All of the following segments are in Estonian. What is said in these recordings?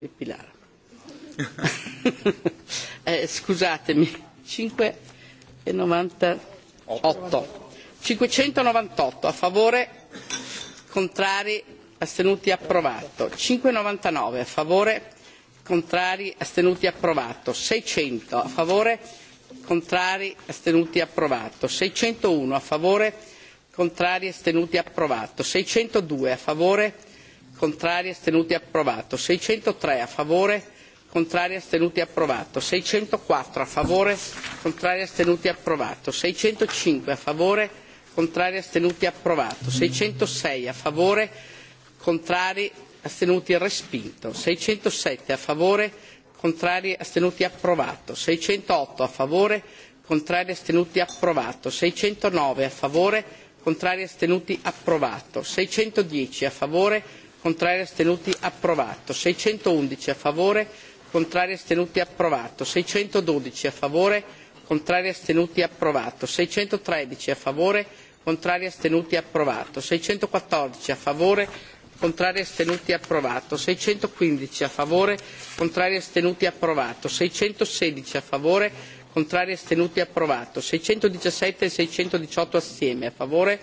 e Pilar. eh, scusatemi, 5,98. 598 e a favore, contrari, astenuti, approvato. 599 a favore, contrari, astenuti, approvato. 600 a favore, contrari, astenuti, approvato. 601 a favore, contrari, astenuti, approvato. 602 a favore, contrari astenuti approvato 603 a favore contrari astenuti approvato 604 a favore contrari astenuti approvato 605 a favore contrari astenuti approvato 606 a favore contrari astenuti respinto 607 a favore contrari astenuti approvato 608 a favore contrari astenuti approvato 609 a favore contrari astenuti approvato 610 a favore contrari astenuti approvato 611 a favore contrari astenuti approvato 612 a favore contrari astenuti approvato 613 a favore contrari astenuti approvato 614 a favore contrari astenuti approvato 615 a favore contrari astenuti approvato 616 a favore contrari astenuti approvato 617 e 618 assieme a favore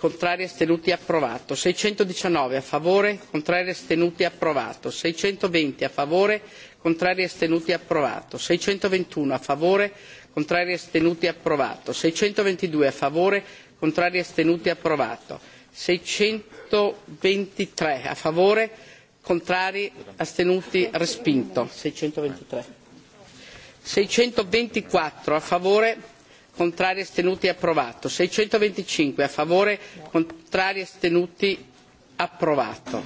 contrari astenuti approvato 619 a favore contrari astenuti approvato 620 a favore contrari astenuti approvato 621 a favore contrari astenuti approvato 622 a favore contrari astenuti approvato 623 a favore contrari astenuti respinto 623 624 a favore contrari e astenuti approvato. 625 a favore, contrari e astenuti approvato.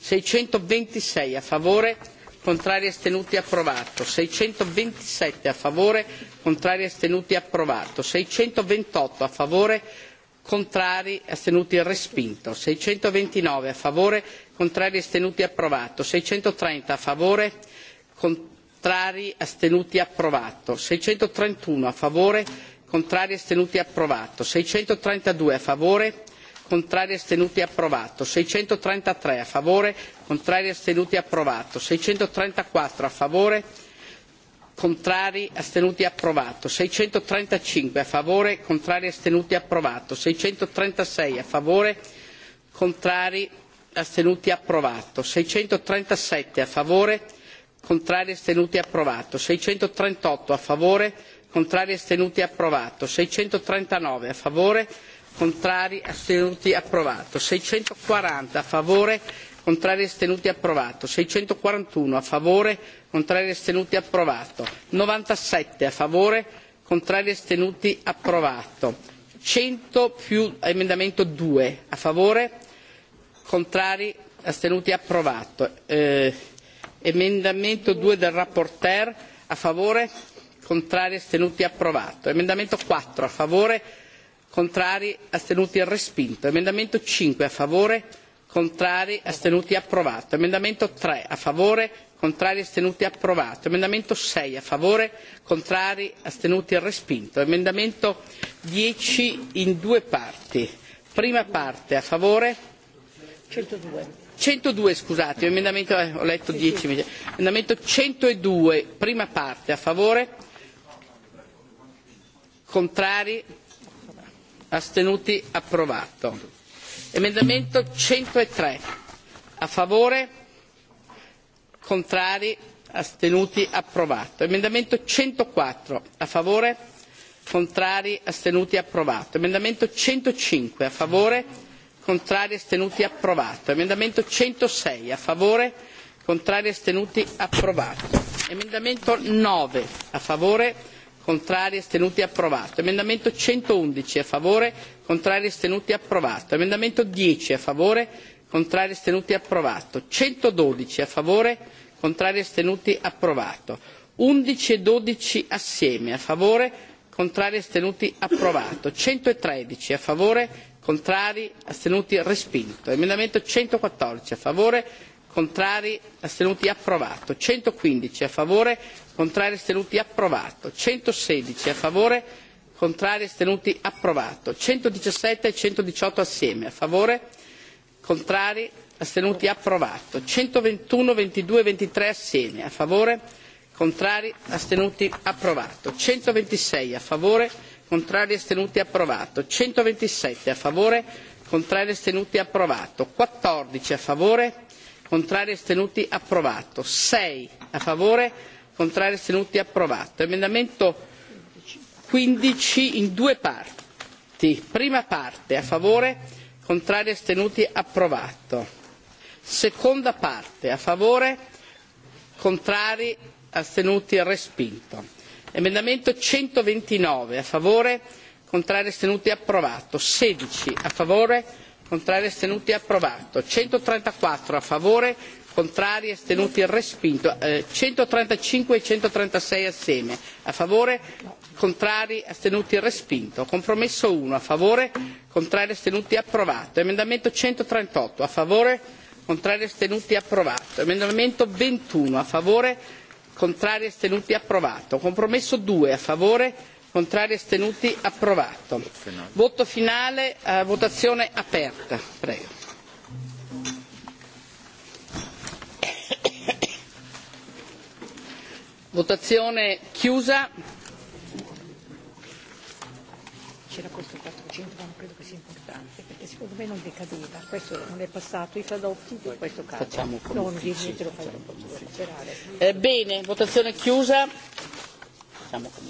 626 a favore, contrari e astenuti approvato. 627 a favore, contrari astenuti approvato. 628 a favore, contrari astenuti respinto. 629 a favore, contrari astenuti approvato. 630 a favore, contrari astenuti approvato. 631 a favore, contrari astenuti approvato seicentotrentadue a favore contrari astenuti approvato seicentotrentatré a favore contrari astenuti approvato seicentotrentaquattro a favore contrari astenuti approvato seicentotrentacinque a favore contrari astenuti approvato seicentotrentasei a favore contrari astenuti approvato seicentotrentasette a favore contrari astenuti approvato seicentotrentotto a favore contrari astenuti approvato seicentotrentanove a favore contrari astenuti approvato seicentoquaranta a favore contrari astenuti approvato seicentoquarantuno a favore contrari astenuti approvato novantasette a favore contrari astenuti approvato cento più emendamento due a favore contrari astenuti approvato eh, emendamento due del rapporteur a favore contrari astenuti approvato emendamento quattro a favore contrari astenuti respinto emendamento cinque a favore contrari astenuti approvato emendamento tre a favore contrari astenuti approvato emendamento sei a favore contrari astenuti respinto emendamento dieci in due parti prima parte a favore centodue 102 scusate, emendamento, eh, ho letto 10, emendamento 102, prima parte, a favore, Contrari? Astenuti? Approvato. Emendamento 103. A favore? Contrari? Astenuti? Approvato. Emendamento 104. A favore? Contrari? Astenuti? Approvato. Emendamento 105. A favore? Contrari? Astenuti? Approvato. Emendamento 106. A favore? Contrari? Astenuti? Approvato. Emendamento 9. A favore? contrari, astenuti, approvato. Emendamento 111 a favore, contrari, astenuti, approvato. Emendamento 10 a favore, contrari, astenuti, approvato. 112 a favore, contrari, astenuti, approvato. 11 e 12 assieme, a favore, contrari, astenuti, approvato. 113 a favore, contrari, astenuti, respinto. Emendamento 114 a favore, contrari, astenuti, approvato. 115 a favore, contrari, astenuti, approvato. 116 a favore, contrari, astenuti, approvato. 117 e 118 assieme, a favore, contrari, astenuti, approvato. 121, 22 e 23 assieme, a favore, contrari, astenuti, approvato. 126 a favore, contrari, astenuti, approvato. 127 a favore, contrari, astenuti, approvato. 14 a favore, contrari astenuti approvato sei a favore contrari astenuti approvato emendamento quindici in due parti prima parte a favore contrari astenuti approvato seconda parte a favore contrari astenuti respinto emendamento centoventinove a favore contrari astenuti approvato sedici a favore contrari astenuti approvato, 134 a favore, contrari astenuti respinto, eh, 135 e 136 assieme, a favore, contrari astenuti respinto, compromesso 1 a favore, contrari astenuti approvato, emendamento 138 a favore, contrari astenuti approvato, emendamento 21 a favore, contrari astenuti approvato, compromesso 2 a favore, contrari astenuti approvato voto finale eh, votazione aperta prego votazione chiusa c'era questo 400 ma non credo che sia importante perché secondo me non decadeva questo non è passato i cadotti di questo caso facciamo con non dirmi te lo fai recuperare eh, bene votazione chiusa facciamo con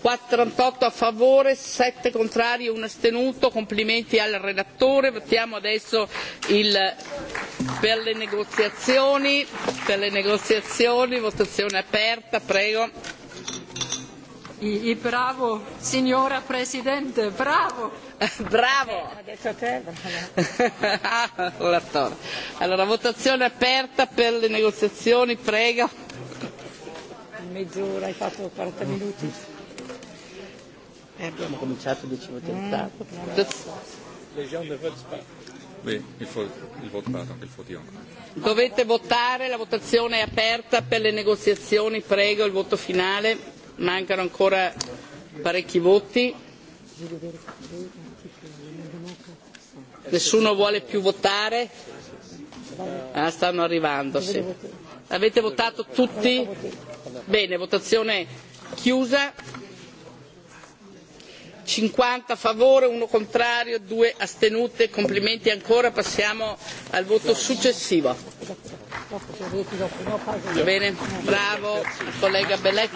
48 a favore, 7 contrari e 1 astenuto. Complimenti al relatore. Votiamo adesso il, per, le negoziazioni, per le negoziazioni. Votazione aperta, prego. I, i bravo, signora Presidente, bravo. bravo. Eh, detto a te, bravo. ah, relatore. Allora, votazione aperta per le negoziazioni, prego mezz'ora, hai fatto 40 mm. minuti. Eh, abbiamo cominciato 10 minuti in ritardo. Les gens ne votent pas. Oui, il faut, il vote pas, donc il faut dire encore. Dovete votare, la votazione è aperta per le negoziazioni, prego il voto finale. Mancano ancora parecchi voti. Nessuno vuole più votare? Ah, stanno arrivando, sì. Avete votato tutti? bene votazione chiusa cinquanta a favore uno contrario due astenute complimenti ancora passiamo al voto successivo bene bravo collega Bellet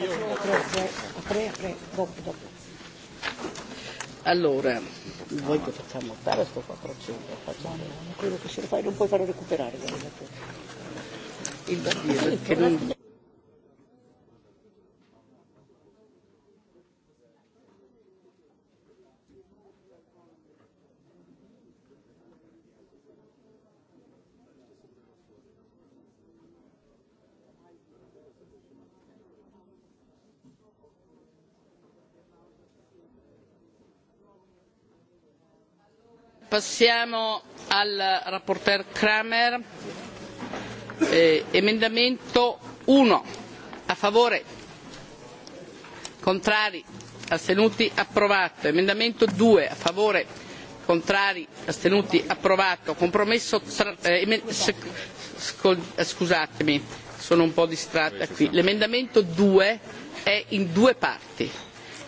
allora voi che facciamo votare sto 400 facciamo quello che se lo fai non puoi farlo recuperare il barbiere che non passiamo al rapporteur Kramer. Eh, emendamento 1. A favore? Contrari? Astenuti? Approvato. Emendamento 2. A favore? Contrari? Astenuti? Approvato. Compromesso... Tra, eh, eh scusatemi, sono un po' distratta qui. L'emendamento 2 è in due parti.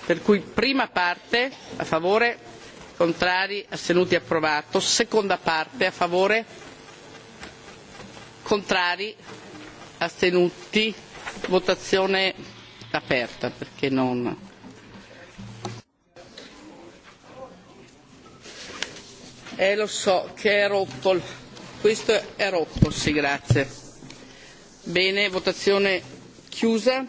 Per cui prima parte a favore contrari, astenuti, approvato. Seconda parte, a favore, contrari, astenuti, votazione aperta perché non. Eh lo so che è rotto, questo è rotto, sì grazie. Bene, votazione chiusa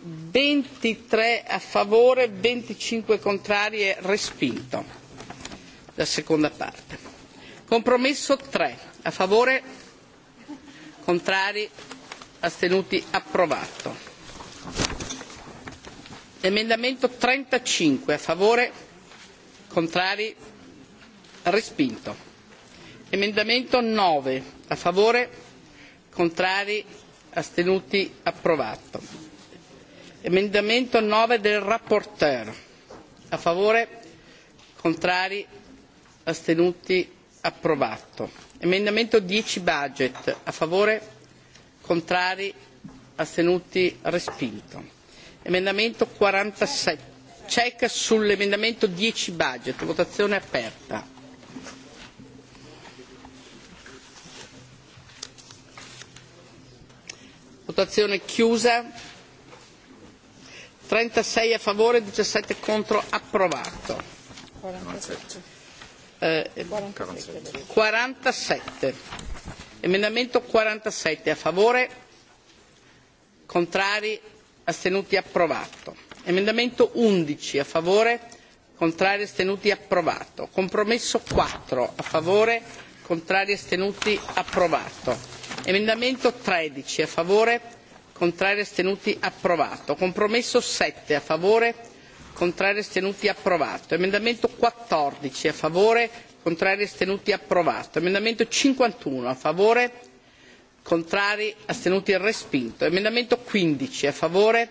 23 a favore, 25 contrarie, respinto. La seconda parte. Compromesso 3. A favore? Contrari? Astenuti? Approvato. Emendamento 35. A favore? Contrari? Respinto. Emendamento 9. A favore? Contrari? Astenuti? Approvato emendamento nove del rapporteur a favore contrari astenuti approvato emendamento dieci budget a favore contrari astenuti respinto emendamento quarantasette check sull'emendamento dieci budget votazione aperta votazione chiusa 36 a favore, 17 contro, approvato. 47. Eh, 47. 47. Emendamento 47 a favore, contrari, astenuti, approvato. Emendamento 11 a favore, contrari, astenuti, approvato. Compromesso 4 a favore, contrari, astenuti, approvato. Emendamento 13 a favore, contrari astenuti approvato compromesso sette a favore contrari astenuti approvato emendamento quattordici a favore contrari astenuti approvato emendamento cinquantuno a favore contrari astenuti respinto emendamento quindici a favore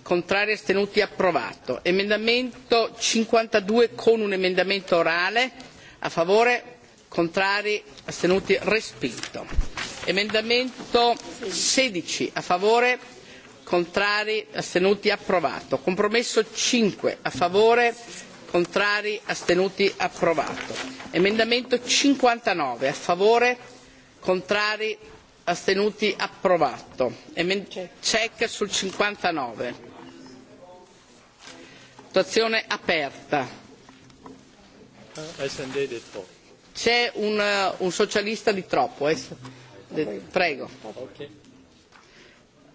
contrari astenuti approvato emendamento cinquantadue con un emendamento orale a favore contrari astenuti respinto Emendamento 16 a favore, contrari, astenuti, approvato. Compromesso 5 a favore, contrari, astenuti, approvato. Emendamento 59 a favore, contrari, astenuti, approvato. Emen- check sul 59. Votazione aperta. Ah, C'è un, un socialista di troppo. Eh? prego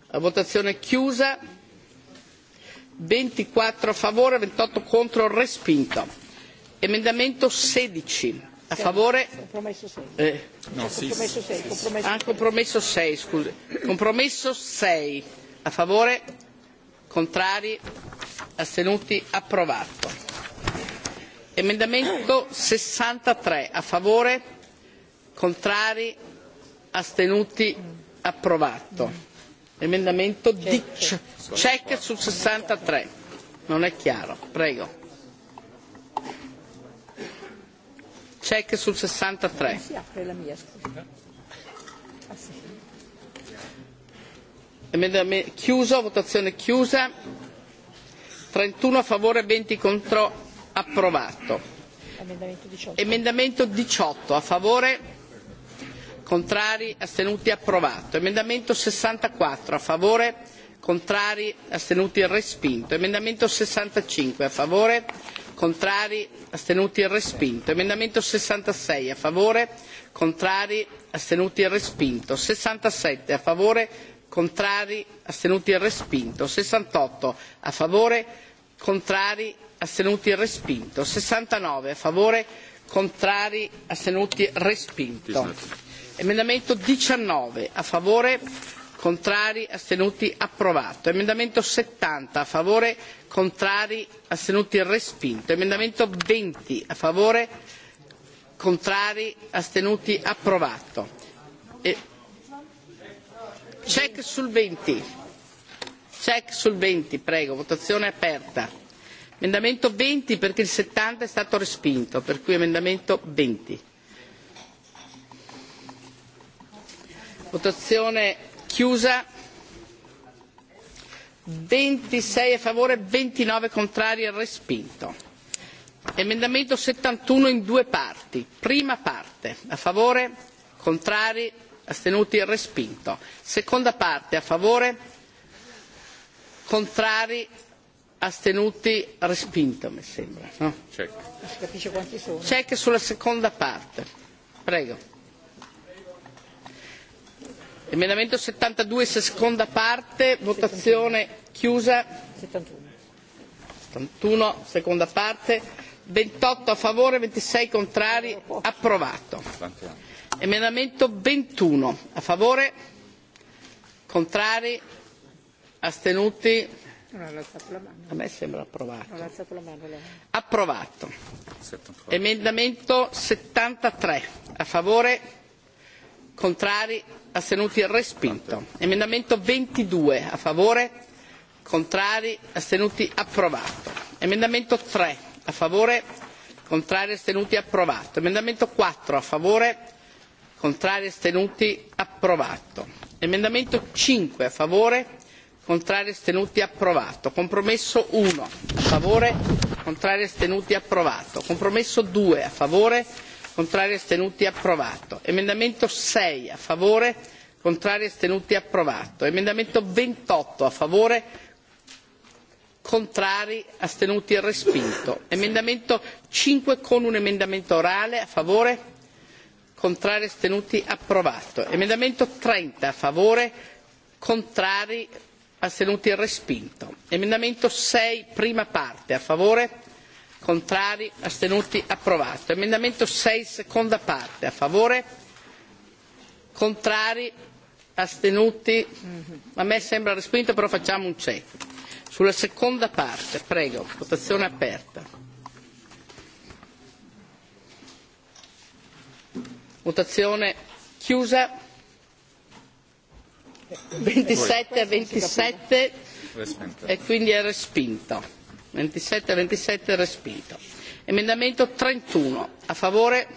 la votazione è chiusa ventiquattro a favore ventotto contro respinto emendamento sedici a favore eh, ah, compromesso sei scusi compromesso sei a favore contrari astenuti approvato emendamento sessantatré a favore contrari astenuti approvato emendamento di check su 63 non è chiaro prego check sul 63 ah, emendamento chiuso votazione chiusa 31 a favore 20 contro approvato emendamento 18 a favore contrari, astenuti, approvato. Emendamento 64 a favore, contrari, astenuti, respinto. Emendamento 65 a favore, contrari, astenuti, respinto. Emendamento 66 a favore, contrari, astenuti, respinto. 67 a favore, contrari, astenuti, respinto. 68 a favore, contrari, astenuti, respinto. 69 a favore, contrari, astenuti, respinto Emendamento 19 a favore, contrari, astenuti, approvato. Emendamento 70 a favore, contrari, astenuti, respinto. Emendamento 20 a favore, contrari, astenuti, approvato. E... Check sul 20. Check sul 20, prego, votazione aperta. Emendamento 20 perché il 70 è stato respinto, per cui emendamento 20 Votazione chiusa. 26 a favore, 29 contrari e respinto. Emendamento 71 in due parti. Prima parte, a favore, contrari, astenuti e respinto. Seconda parte, a favore, contrari, astenuti, respinto mi sembra. No? Check. Si capisce quanti sono. Check sulla seconda parte. Prego. Emendamento 72, seconda parte, votazione chiusa. 71. 71, seconda parte. 28 a favore, 26 contrari, approvato. Emendamento 21, a favore, contrari, astenuti. A me sembra approvato. Approvato. Emendamento 73, a favore, contrari astenuti respinto emendamento 22 a favore contrari astenuti approvato emendamento 3 a favore contrari astenuti approvato emendamento 4 a favore contrari astenuti approvato emendamento 5 a favore contrari astenuti approvato compromesso 1 a favore contrari astenuti approvato compromesso 2 a favore contrari astenuti approvato emendamento sei a favore contrari astenuti approvato emendamento ventotto a favore contrari astenuti respinto emendamento cinque con un emendamento orale a favore contrari astenuti approvato emendamento trenta a favore contrari astenuti respinto emendamento sei prima parte a favore Contrari? Astenuti? Approvato. Emendamento 6, seconda parte. A favore? Contrari? Astenuti? Mhm. A me sembra respinto, però facciamo un check. Sulla seconda parte, prego, votazione aperta. Votazione chiusa. 27 a 27 e quindi è respinto 27 27 respinto emendamento 31 a favore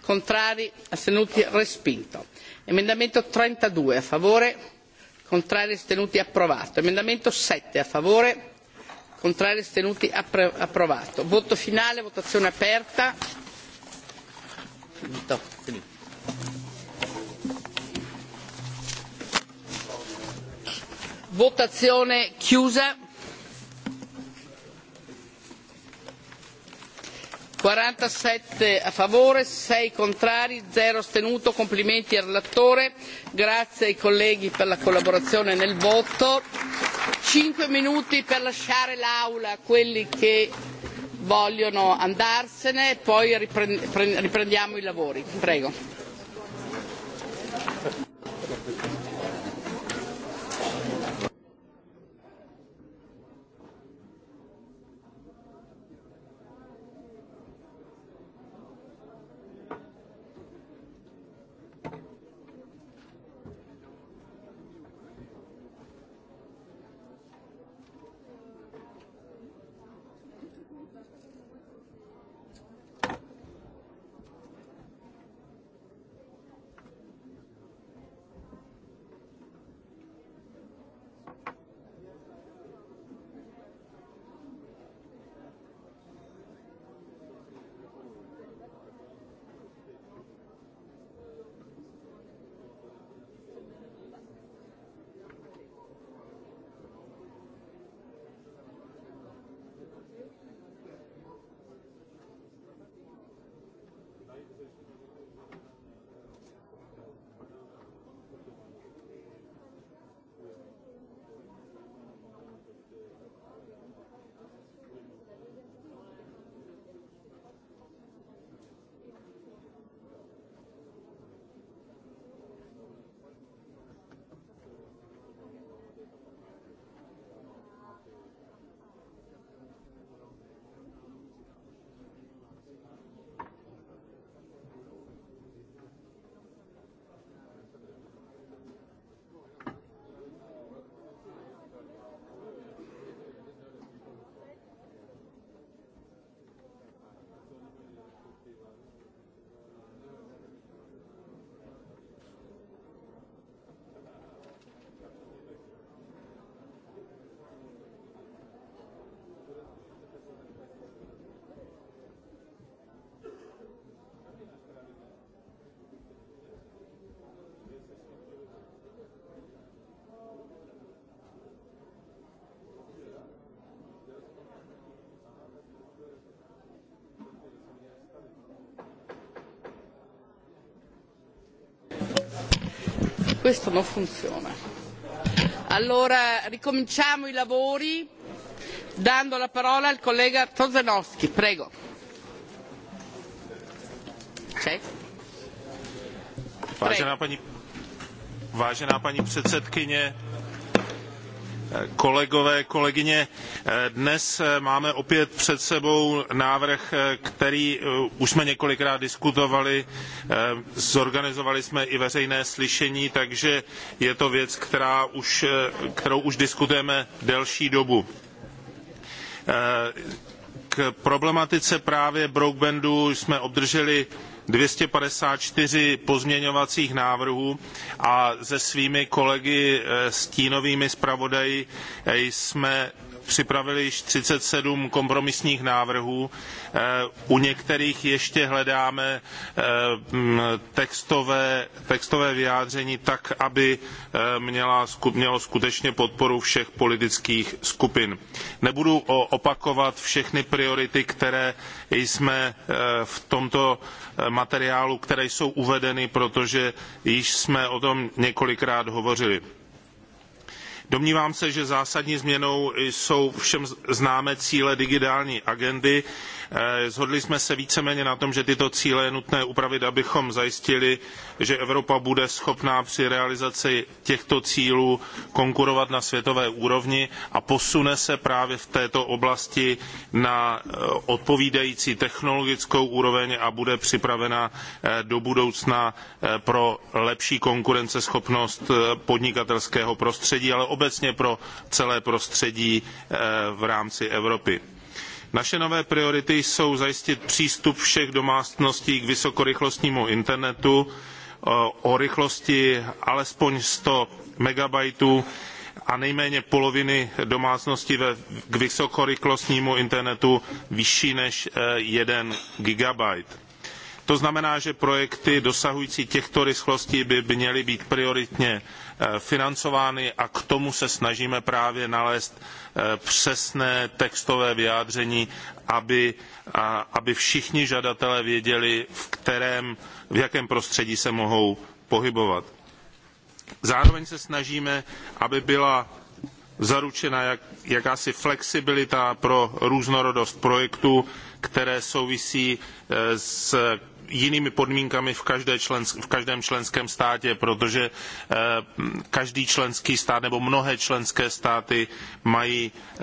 contrari astenuti respinto emendamento 32 a favore contrari astenuti approvato emendamento 7 a favore contrari astenuti approvato voto finale votazione aperta finito votazione chiusa 47 a favore, 6 contrari, 0 astenuto. Complimenti al relatore, grazie ai colleghi per la collaborazione nel voto. 5 minuti per lasciare l'aula a quelli che vogliono andarsene e poi riprendiamo i lavori. Prego. questo non funziona. Allora ricominciamo i lavori dando la parola al collega Tozenowski, prego. C'è? Vážená paní, vážená paní předsedkyně, eh, kolegové, kolegyně, Dnes eh, máme opět před sebou návrh, eh, který eh, už jsme několikrát diskutovali, zorganizovali jsme i veřejné slyšení, takže je to věc, která už, kterou už diskutujeme delší dobu k problematice právě broadbandu jsme obdrželi 254 pozměňovacích návrhů a se svými kolegy stínovými zpravodaji jsme připravili již 37 kompromisních návrhů. Eh, u některých ještě hledáme eh, textové, textové vyjádření tak, aby eh, měla, mělo skutečně podporu všech politických skupin. Nebudu opakovat všechny priority, které jsme v tomto materiálu, které jsou uvedeny, protože již jsme o tom několikrát hovořili domnívám se že zásadní změnou jsou všem známé cíle digitální agendy Zhodli eh, jsme se víceméně na tom, že tyto cíle je nutné upravit, abychom zajistili, že Evropa bude schopná při realizaci těchto cílů konkurovat na světové úrovni a posune se právě v této oblasti na eh, odpovídající technologickou úroveň a bude připravena eh, do budoucna pro lepší konkurenceschopnost podnikatelského prostředí, ale obecně pro celé prostředí v rámci Evropy naše nové priority jsou zajistit přístup všech domácností k vysokorychlostnímu internetu eh, o rychlosti alespoň one hundred megabitů a nejméně poloviny domácností k vysokorychlostnímu internetu vyšší než one eh, gigabyte. to znamená že projekty dosahující těchto rychlostí by měly být prioritně Eh, financovány a k tomu se snažíme právě nalézt eh, přesné textové vyjádření, aby, a, aby všichni žadatelé věděli, v, kterém, v jakém prostředí se mohou pohybovat. Zároveň se snažíme, aby byla zaručena jak, jakási flexibilita pro různorodost projektů, které souvisí eh, s jinými podmínkami v, každé člensk, v každém členském státě, protože eh, každý členský stát nebo mnohé členské státy mají eh,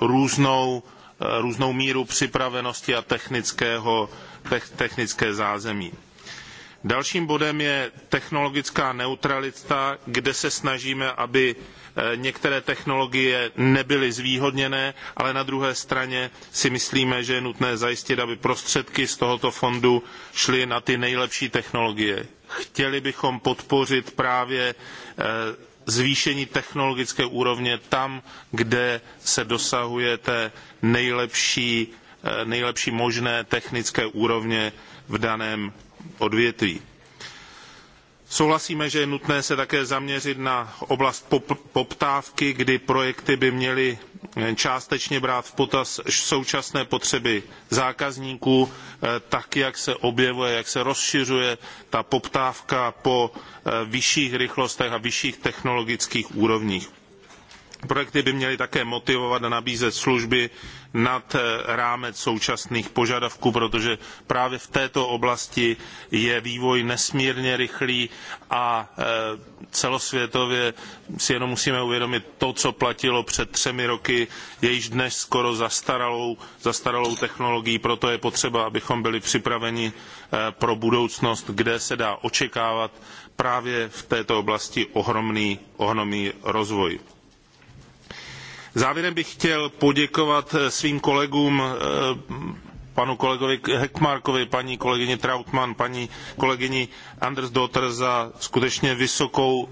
různou, eh, různou míru připravenosti a technického, te, technické zázemí. Eh, Dalším bodem je technologická neutralita, kde se snažíme, aby eh, některé technologie nebyly zvýhodněné, ale na druhé straně si myslíme, že je nutné zajistit, aby prostředky z tohoto fondu šly na ty nejlepší technologie. Chtěli bychom podpořit právě eh, zvýšení technologické úrovně tam, kde se dosahuje té nejlepší, eh, nejlepší možné technické úrovně v daném odvětví. souhlasíme že je nutné se také zaměřit na oblast poptávky kdy projekty by měly částečně brát v potaz současné potřeby zákazníků eh, tak jak se objevuje jak se rozšiřuje ta poptávka po eh, vyšších rychlostech a vyšších technologických úrovních Projekty by měly také motivovat a nabízet služby nad eh, rámec současných požadavků, protože právě v této oblasti je vývoj nesmírně rychlý a eh, celosvětově si jenom musíme uvědomit to, co platilo před třemi roky, je již dnes skoro zastaralou, zastaralou technologií, proto je potřeba, abychom byli připraveni eh, pro budoucnost, kde se dá očekávat právě v této oblasti ohromný, ohromný rozvoj závěrem bych chtěl poděkovat eh, svým kolegům eh, panu kolegovi Hekmarkovi, paní kolegyni Trautmann, paní kolegyni Andersdotter za skutečně vysokou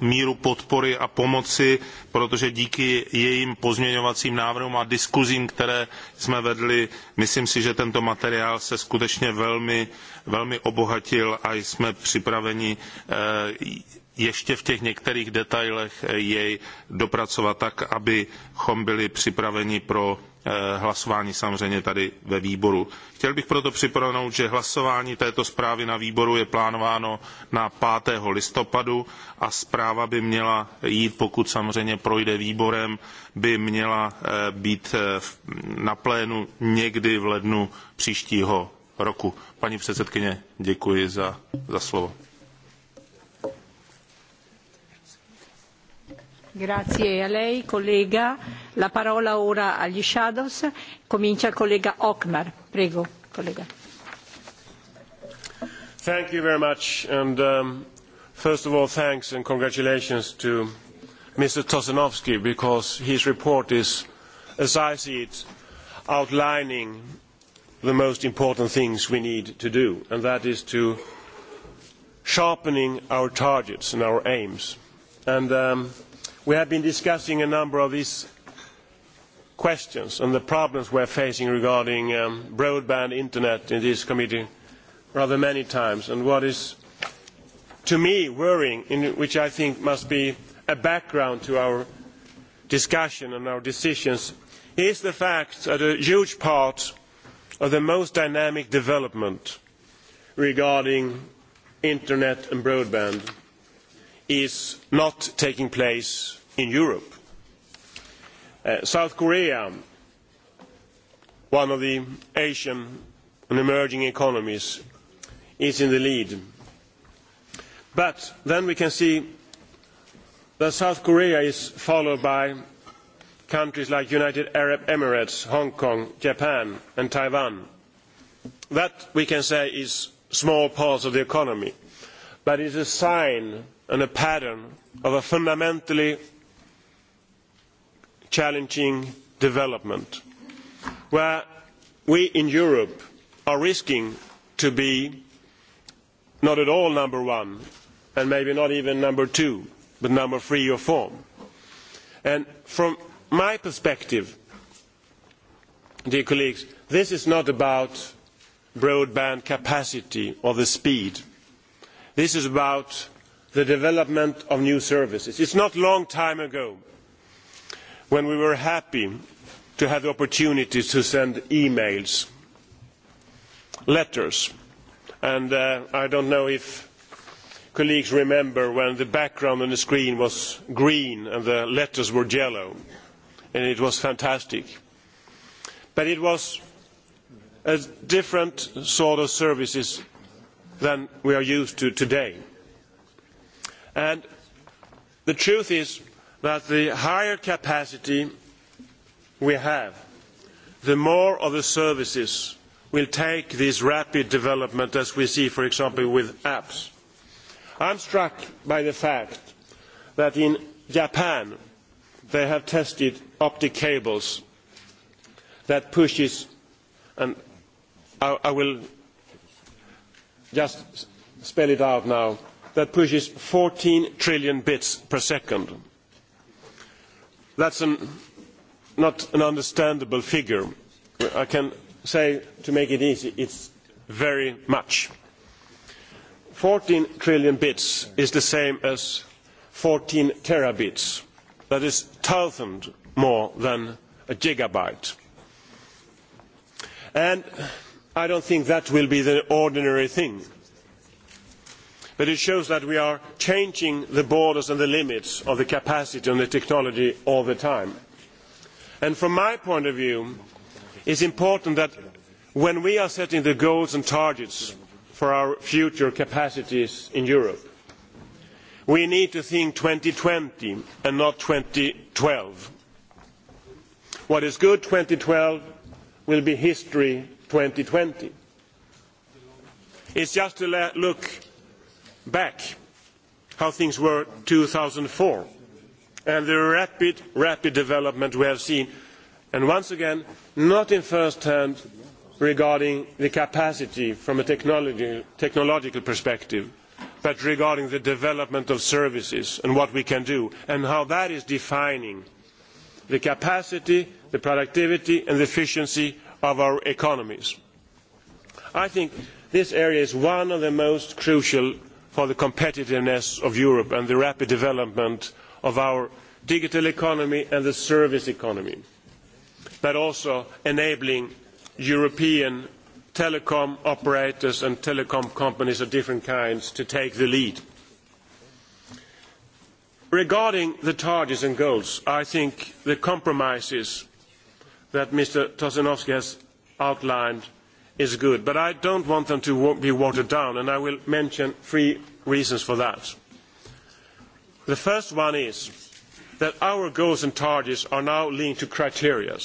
míru podpory a pomoci, protože díky jejím pozměňovacím návrhům a diskuzím, které jsme vedli, myslím si, že tento materiál se skutečně velmi, velmi obohatil a jsme připraveni eh, ještě v těch některých detailech eh, jej dopracovat tak, abychom byli připraveni pro eh, hlasování samozřejmě tady ve výboru. Chtěl bych proto připomenout, že hlasování této zprávy na výboru je plánováno na 5. listopadu a zpráva by měla jít, pokud samozřejmě projde výborem, by měla eh, být na plénu někdy v lednu příštího roku. Paní předsedkyně, děkuji za, za slovo. Grazie a lei, collega. La parola ora agli shadows. Comincia il collega Ockmar. Prego, collega. Thank you very much. And um, first of all, thanks and congratulations to Mr. Tosanovsky because his report is, as I see it, outlining the most important things we need to do, and that is to sharpening our targets and our aims. And um, we have been discussing a number of these questions and the problems we are facing regarding um, broadband internet in this committee rather many times and what is to me worrying in which i think must be a background to our discussion and our decisions is the fact that a huge part of the most dynamic development regarding internet and broadband is not taking place in Europe. Uh, South Korea, one of the Asian and emerging economies, is in the lead. But then we can see that South Korea is followed by countries like United Arab Emirates, Hong Kong, Japan and Taiwan. That, we can say, is small parts of the economy. But it's a sign and a pattern of a fundamentally challenging development where we in Europe are risking to be not at all number one and maybe not even number two but number three or four. And from my perspective, dear colleagues, this is not about broadband capacity or the speed. This is about the development of new services. it is not a long time ago when we were happy to have the opportunity to send e mails letters and uh, i do not know if colleagues remember when the background on the screen was green and the letters were yellow and it was fantastic but it was a different sort of services than we are used to today And the truth is that the higher capacity we have, the more of the services will take this rapid development as we see, for example, with apps. I'm struck by the fact that in Japan they have tested optic cables that pushes, and I, I will just spell it out now, that pushes 14 trillion bits per second. That's an, not an understandable figure. I can say, to make it easy, it's very much. 14 trillion bits is the same as 14 terabits. That is 1,000 more than a gigabyte. And I don't think that will be the ordinary thing but it shows that we are changing the borders and the limits of the capacity and the technology all the time. And from my point of view, it's important that when we are setting the goals and targets for our future capacities in Europe, we need to think 2020 and not 2012. What is good 2012 will be history 2020. It's just to look back how things were 2004 and the rapid, rapid development we have seen, and once again, not in first hand regarding the capacity from a technology, technological perspective, but regarding the development of services and what we can do, and how that is defining the capacity, the productivity, and the efficiency of our economies. I think this area is one of the most crucial for the competitiveness of Europe and the rapid development of our digital economy and the service economy, but also enabling European telecom operators and telecom companies of different kinds to take the lead. Regarding the targets and goals, I think the compromises that Mr. Tosinowski has outlined is good, but I don't want them to be watered down, and I will mention three reasons for that. The first one is that our goals and targets are now linked to criteria.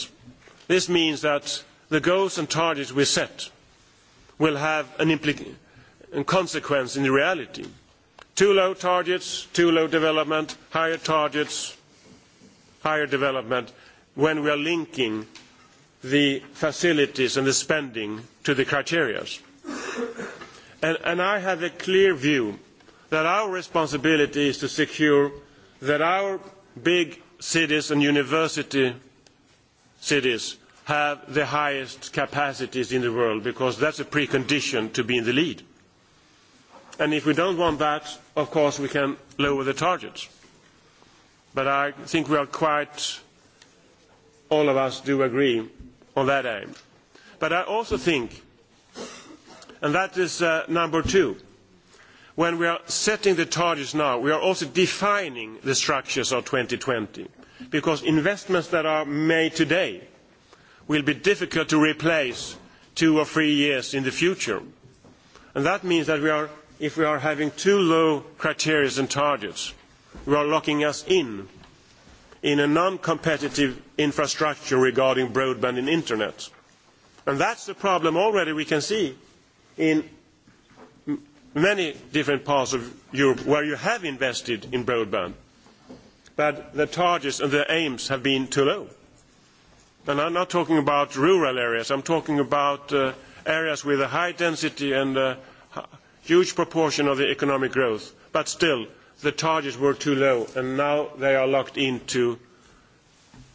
This means that the goals and targets we set will have an implication and consequence in reality. Too low targets, too low development, higher targets, higher development, when we are linking the facilities and the spending to the criteria. And, and I have a clear view that our responsibility is to secure that our big cities and university cities have the highest capacities in the world because that's a precondition to be in the lead. And if we don't want that, of course, we can lower the targets. But I think we are quite all of us do agree on that aim. But I also think, and that is uh, number two, when we are setting the targets now, we are also defining the structures of 2020, because investments that are made today will be difficult to replace two or three years in the future. And that means that we are, if we are having too low criteria and targets, we are locking us in in a non-competitive infrastructure regarding broadband and internet. And that's a problem already we can see in many different parts of Europe where you have invested in broadband. But the targets and the aims have been too low. And I'm not talking about rural areas. I'm talking about uh, areas with a high density and a huge proportion of the economic growth. But still, the charges were too low, and now they are locked into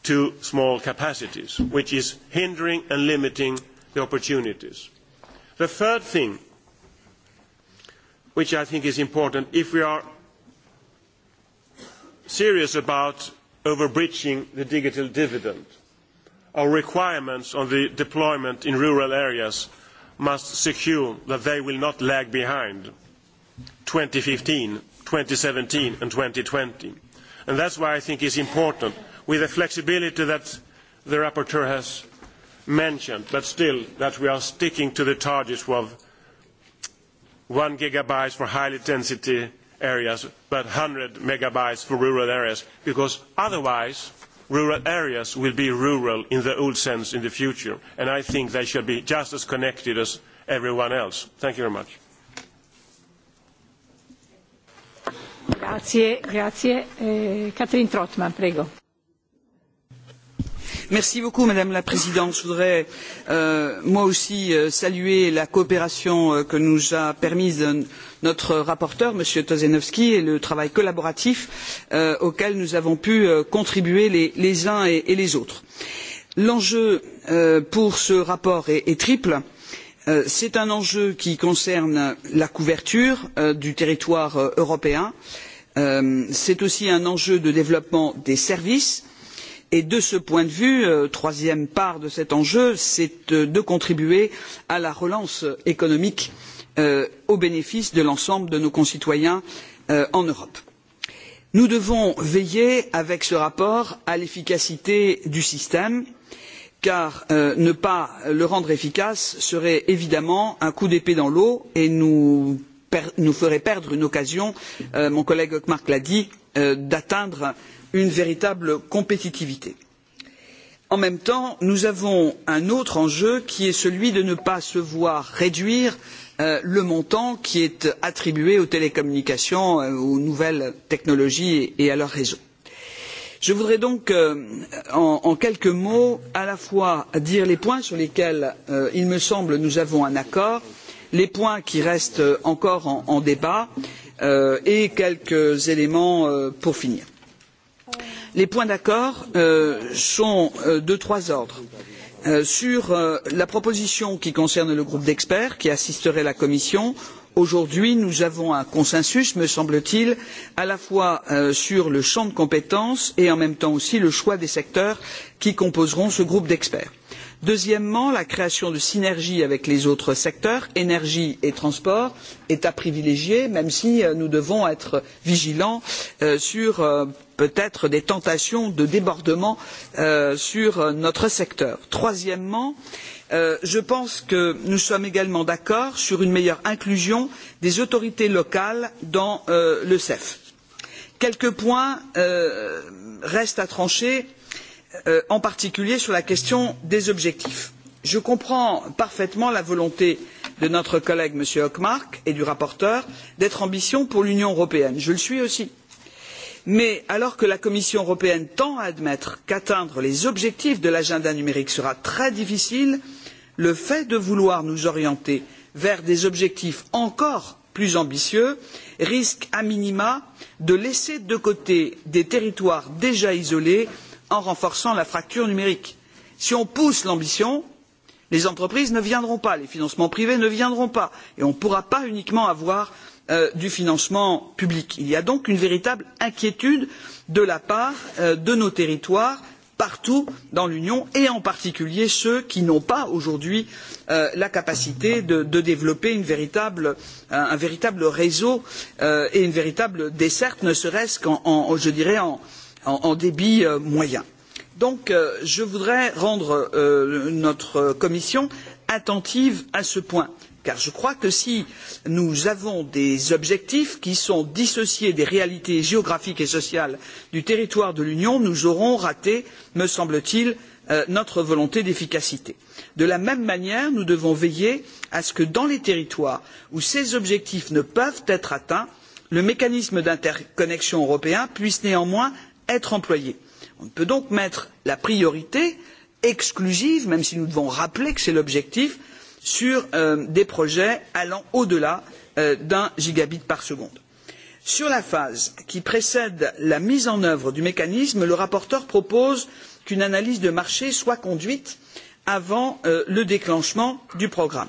too small capacities, which is hindering and limiting the opportunities. The third thing, which I think is important, if we are serious about overbridging the digital dividend, our requirements on the deployment in rural areas must secure that they will not lag behind 2015 2017 and 2020. And that's why I think it's important, with the flexibility that the rapporteur has mentioned, but still that we are sticking to the targets of 1 GB for highly density areas, but 100 MB for rural areas, because otherwise rural areas will be rural in the old sense in the future, and I think they should be just as connected as everyone else. Thank you very much. Grazie, grazie. Eh, Catherine Trottmann, prego. Merci beaucoup, Madame la Présidente. Je voudrais euh, moi aussi euh, saluer la coopération euh, que nous a permise euh, notre rapporteur, M. Tozenowski, et le travail collaboratif euh, auquel nous avons pu euh, contribuer les, les uns et, et les autres. L'enjeu euh, pour ce rapport est, est triple Euh, c'est un enjeu qui concerne la couverture euh, du territoire euh, européen c'est aussi un enjeu de développement des services et de ce point de vue troisième part de cet enjeu c'est de contribuer à la relance économique au bénéfice de l'ensemble de nos concitoyens en europe. nous devons veiller avec ce rapport à l'efficacité du système et car euh, ne pas le rendre efficace serait évidemment un coup d'épée dans l'eau et nous, nous ferait perdre une occasion euh, mon collègue hkmark l'a dit euh, d'atteindre une véritable compétitivité. en même temps nous avons un autre enjeu qui est celui de ne pas se voir réduire euh, le montant qui est attribué aux télécommunications euh, aux nouvelles technologies et à leurs réseaux je voudrais donc euh, en, en quelques mots à la fois dire les points sur lesquels euh, il me semble nous avons un accord les points qui restent encore en, en débat euh, et quelques éléments euh, pour finir. les points d'accord euh, sont euh, de trois ordres sur la proposition qui concerne le groupe d'experts qui assisterait la commission aujourd'hui nous avons un consensus me semble t il à la fois euh, sur le champ de compétences et en même temps aussi le choix des secteurs qui composeront ce groupe d'experts deuxièmement la création de synergies avec les autres secteurs énergie et transport est à privilégier même si euh, nous devons être vigilants euh, sur euh, peut être des tentations de débordement sur notre secteur. troisièmement je pense que nous sommes également d'accord sur une meilleure inclusion des autorités locales dans le cef. quelques points restent à trancher euh, en particulier sur la question des objectifs. je comprends parfaitement la volonté de notre collègue m. hkmark et du rapporteur d'être ambitieux pour l'union européenne je le suis aussi mais alors que la commission européenne tend à admettre qu'atteindre les objectifs de l'agenda numérique sera très difficile le fait de vouloir nous orienter vers des objectifs encore plus ambitieux risque a minima de laisser de côté des territoires déjà isolés en renforçant la fracture numérique. si on pousse l'ambition les entreprises ne viendront pas les financements privés ne viendront pas et on ne pourra pas uniquement avoir euh, du financement public. il y a donc une véritable inquiétude de la part euh, de nos territoires partout dans l'union et en particulier ceux qui n'ont pas aujourd'hui euh, la capacité de, de développer une véritable, un, un véritable réseau euh, et une véritable desserte ne serait ce qu'en je dirais en, en, en débit euh, moyen. Donc, euh, je voudrais rendre euh, notre commission attentive à ce point, car je crois que si nous avons des objectifs qui sont dissociés des réalités géographiques et sociales du territoire de l'Union, nous aurons raté, me semble-t-il, euh, notre volonté d'efficacité. De la même manière, nous devons veiller à ce que dans les territoires où ces objectifs ne peuvent être atteints, le mécanisme d'interconnexion européen puisse néanmoins être employés. on ne peut donc mettre la priorité exclusive même si nous devons rappeler que c'est l'objectif sur euh, des projets allant au delà euh, d'un gigabit par seconde. sur la phase qui précède la mise en œuvre du mécanisme le rapporteur propose qu'une analyse de marché soit conduite avant euh, le déclenchement du programme.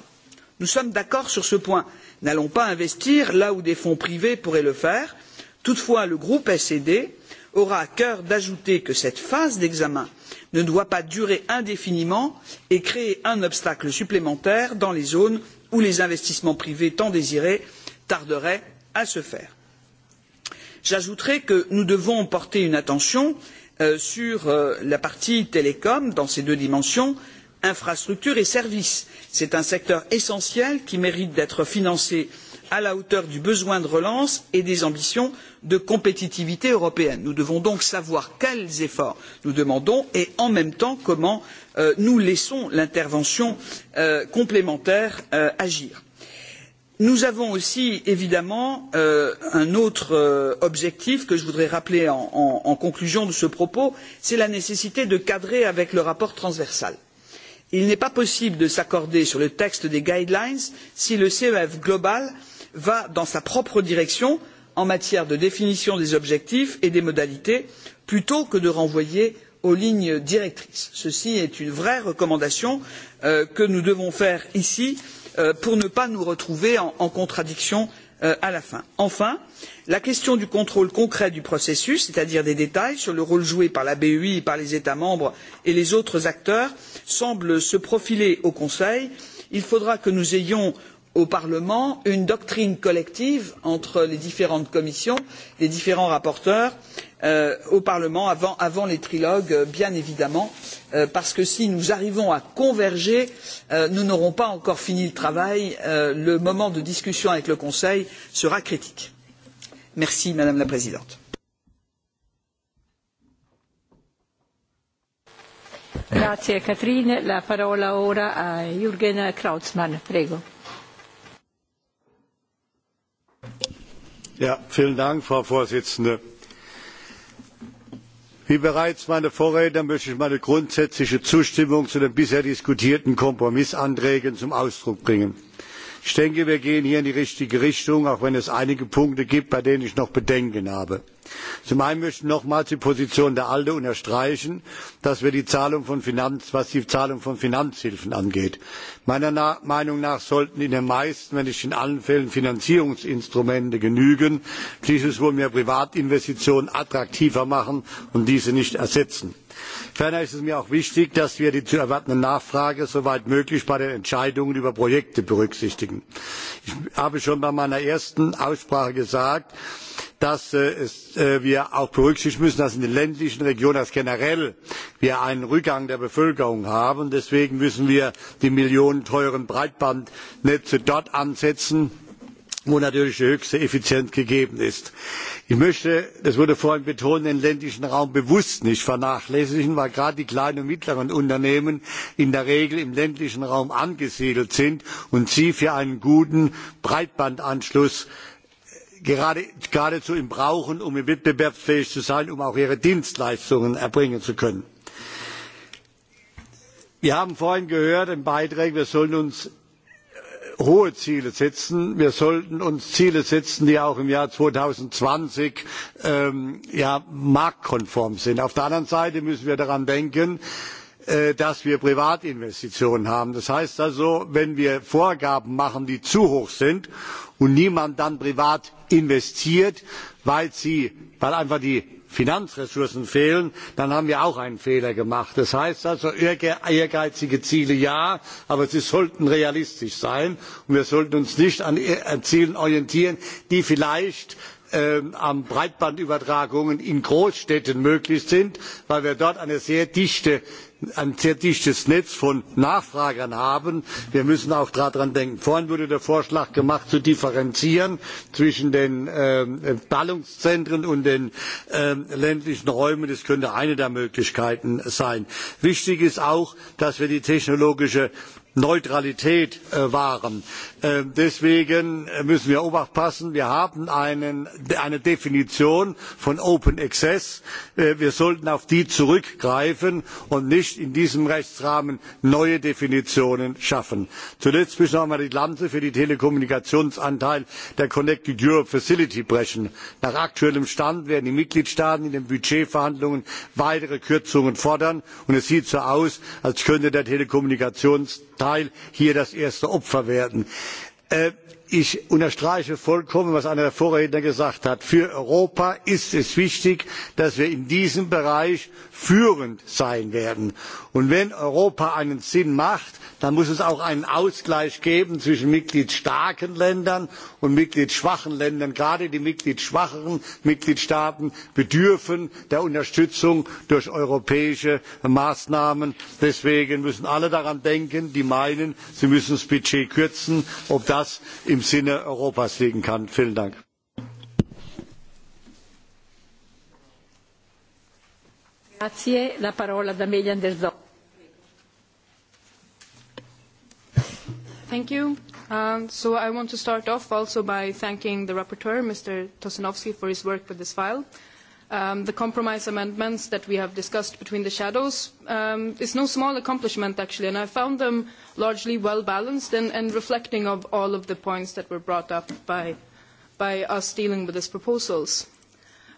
nous sommes d'accord sur ce point n'allons pas investir là où des fonds privés pourraient le faire. toutefois le groupe sd aura à cœur d'ajouter que cette phase d'examen ne doit pas durer indéfiniment et créer un obstacle supplémentaire dans les zones où les investissements privés tant désirés tarderaient à se faire. j'ajouterai que nous devons porter une attention euh, sur euh, la partie télécom dans ses deux dimensions infrastructures et services. c'est un secteur essentiel qui mérite d'être financé euh, à la hauteur du besoin de relance et des ambitions de compétitivité européenne. nous devons donc savoir quels efforts nous demandons et en même temps comment euh, nous laissons l'intervention euh, complémentaire euh, agir. nous avons aussi évidemment euh, un autre euh, objectif que je voudrais rappeler en, en, en conclusion de ce propos c'est la nécessité de cadrer avec le rapport transversal il n'est pas possible de s'accorder sur le texte des guidelines si le cef global va dans sa propre direction en matière de définition des objectifs et des modalités plutôt que de renvoyer aux lignes directrices. ceci est une vraie recommandation euh, que nous devons faire ici euh, pour ne pas nous retrouver en, en contradiction euh, à la fin. enfin la question du contrôle concret du processus c'est à dire des détails sur le rôle joué par la bei par les états membres et les autres acteurs semble se profiler au conseil. il faudra que nous ayons au parlement une doctrine collective entre les différentes commissions les différents rapporteurs euh, au parlement avant, avant les trilogues euh, bien évidemment euh, parce que si nous arrivons à converger euh, nous n'aurons pas encore fini le travail euh, le moment de discussion avec le conseil sera critique. merci madame la présidente. grazie Katrine. La parola ora a Jürgen Krautzmann, prego. Ja, vielen Dank, Frau Vorsitzende. Wie bereits meine Vorredner möchte ich meine grundsätzliche Zustimmung zu den bisher diskutierten Kompromissanträgen zum Ausdruck bringen ich denke wir gehen hier in die richtige richtung auch wenn es einige punkte gibt bei denen ich noch bedenken habe. zum einen möchte ich nochmals die position der alde unterstreichen was die zahlung von finanzhilfen angeht. meiner meinung nach sollten in den meisten wenn nicht in allen fällen finanzierungsinstrumente genügen. dieses wollen wir privatinvestitionen attraktiver machen und diese nicht ersetzen ferner ist es mir auch wichtig dass wir die zu erwartende nachfrage soweit möglich bei den entscheidungen über projekte berücksichtigen. ich habe schon bei meiner ersten aussprache gesagt dass äh, es, äh, wir auch berücksichtigen müssen dass in den ländlichen regionen wir generell einen rückgang der bevölkerung haben. deswegen müssen wir die millionenteuren breitbandnetze dort ansetzen wo natürlich die höchste effizienz gegeben ist. ich möchte das wurde vorhin betont den ländlichen raum bewusst nicht vernachlässigen weil gerade die kleinen und mittleren unternehmen in der regel im ländlichen raum angesiedelt sind und sie für einen guten breitbandanschluss äh, gerade, geradezu brauchen um wettbewerbsfähig zu sein um auch ihre dienstleistungen erbringen zu können. wir haben vorhin gehört in beiträgen wir sollen uns hohe ziele setzen wir sollten uns ziele setzen die auch im jahr zweitausendzwanzig ähm, ja, marktkonform sind. auf der anderen seite müssen wir daran denken äh, dass wir privatinvestitionen haben. das heißt also wenn wir vorgaben machen die zu hoch sind und niemand dann privat investiert weil, sie, weil einfach die finanzressourcen fehlen dann haben wir auch einen fehler gemacht. das heißt also ehrgeizige ziele ja aber sie sollten realistisch sein und wir sollten uns nicht an äh, zielen orientieren die vielleicht ähm, an breitbandübertragungen in großstädten möglich sind weil wir dort eine sehr dichte ein sehr dichtes netz von nachfragern haben. wir müssen auch daran denken vorhin wurde der vorschlag gemacht zu differenzieren zwischen den ähm, ballungszentren und den ähm, ländlichen räumen. das könnte eine der möglichkeiten sein. wichtig ist auch dass wir die technologische neutralität äh, wahren. Äh, deswegen müssen wir aufpassen wir haben einen, eine definition von open access äh, wir sollten auf die zurückgreifen und nicht in diesem rechtsrahmen neue definitionen schaffen. zuletzt möchte ich noch einmal die lanze für den telekommunikationsanteil der connecting europe facility brechen. nach aktuellem stand werden die mitgliedstaaten in den budgetverhandlungen weitere kürzungen fordern und es sieht so aus als könnte der telekommunikationsteil hier das erste opfer werden. Äh, ich unterstreiche vollkommen was einer der vorredner gesagt hat für europa ist es wichtig dass wir in diesem bereich führend sein werden. Und wenn Europa einen Sinn macht, dann muss es auch einen Ausgleich geben zwischen mitgliedsstarken Ländern und mitgliedschwachen Ländern. Gerade die mitgliedschwachen Mitgliedstaaten bedürfen der Unterstützung durch europäische Maßnahmen. Deswegen müssen alle daran denken, die meinen, sie müssen das Budget kürzen, ob das im Sinne Europas liegen kann. Vielen Dank. Grazie, la parola da Melia Andersdorf. Thank you. Um, so I want to start off also by thanking the rapporteur, Mr. Tosanovsky, for his work with this file. Um, the compromise amendments that we have discussed between the shadows um, is no small accomplishment, actually, and I found them largely well-balanced and, and reflecting of all of the points that were brought up by, by us dealing with these proposals.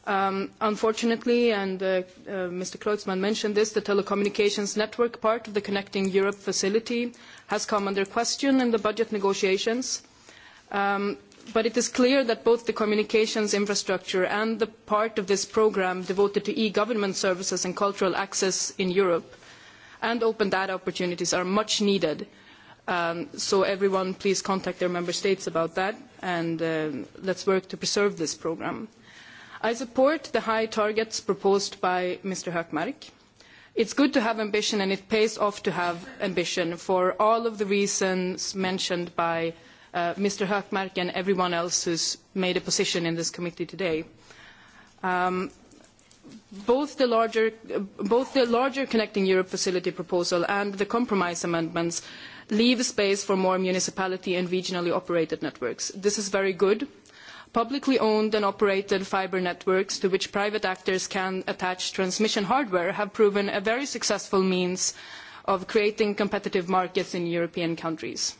Um, unfortunately, and uh, uh, Mr. Kreutzmann mentioned this, the telecommunications network part of the Connecting Europe facility has come under question in the budget negotiations. Um, but it is clear that both the communications infrastructure and the part of this programme devoted to e-government services and cultural access in Europe and open data opportunities are much needed. Um, so everyone please contact their member states about that and uh, let's work to preserve this programme. Uh, I support the high targets proposed by Mr. Hökmark. It's good to have ambition, and it pays off to have ambition for all of the reasons mentioned by uh, Mr. Hökmark and everyone else who's made a position in this committee today. Um, both the larger both the larger connecting europe facility proposal and the compromise amendments leave space for more municipality and regionally operated networks this is very good publicly owned and operated fiber networks to which private actors can attach transmission hardware have proven a very successful means of creating competitive markets in European countries.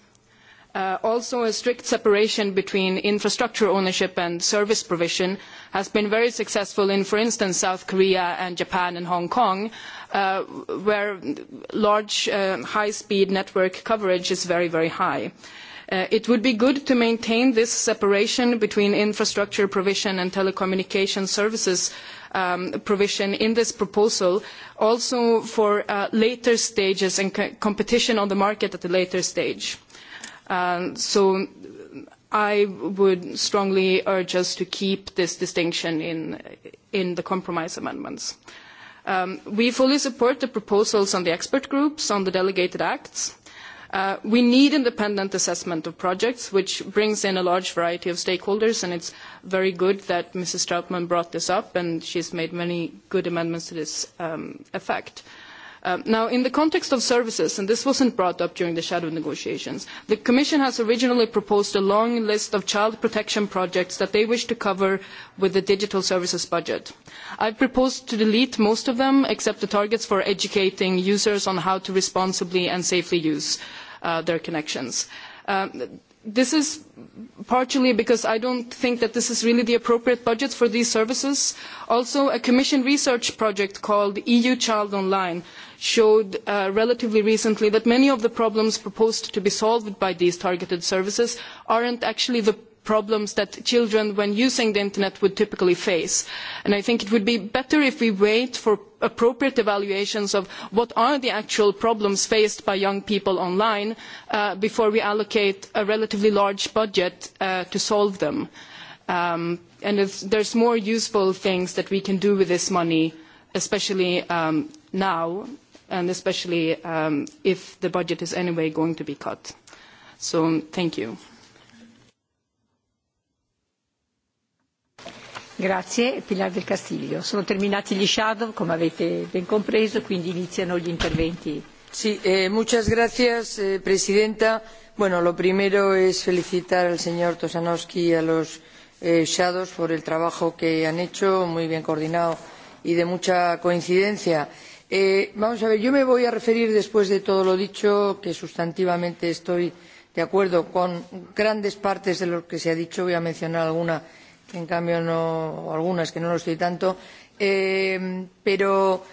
Uh, also, a strict separation between infrastructure ownership and service provision has been very successful in, for instance, South Korea and Japan and Hong Kong, uh, where large uh, high-speed network coverage is very, very high. Uh, Uh, it would be good to maintain this separation between infrastructure provision and telecommunication services um, provision in this proposal, also for uh, later stages and co competition on the market at a later stage. Um, so I would strongly urge us to keep this distinction in, in the compromise amendments. Um, we fully support the proposals on the expert groups, on the delegated acts, Uh, we need independent assessment of projects, which brings in a large variety of stakeholders, and it's very good that Mrs. Trautmann brought this up, and she's made many good amendments to this um, effect. Uh, now, in the context of services, and this wasn't brought up during the shadow negotiations, the Commission has originally proposed a long list of child protection projects that they wish to cover with the digital services budget. I've proposed to delete most of them, except the targets for educating users on how to responsibly and safely use uh, uh, their connections. Um, this is partially because I don't think that this is really the appropriate budget for these services. Also, a Commission research project called EU Child Online showed uh, relatively recently that many of the problems proposed to be solved by these targeted services aren't actually the problems that children, when using the internet, would typically face. And I think it would be better if we wait for appropriate evaluations of what are the actual problems faced by young people online uh, before we allocate a relatively large budget uh, to solve them. Um, and if there's more useful things that we can do with this money, especially um, now, and especially um, if the budget is anyway going to be cut. So thank you. Grazie e Pilar del Castiglio. Sono terminati gli shadow, come avete ben compreso, quindi iniziano gli interventi. Sí, eh, muchas gracias, eh, presidenta. Bueno, lo primero es felicitar al señor Tosanovsky y a los eh, shadows por el trabajo que han hecho, muy bien coordinado y de mucha coincidencia. Eh, vamos a ver, yo me voy a referir después de todo lo dicho, que sustantivamente estoy de acuerdo con grandes partes de lo que se ha dicho, voy a mencionar alguna en cambio no, algunas que no lo estoy tanto, eh, pero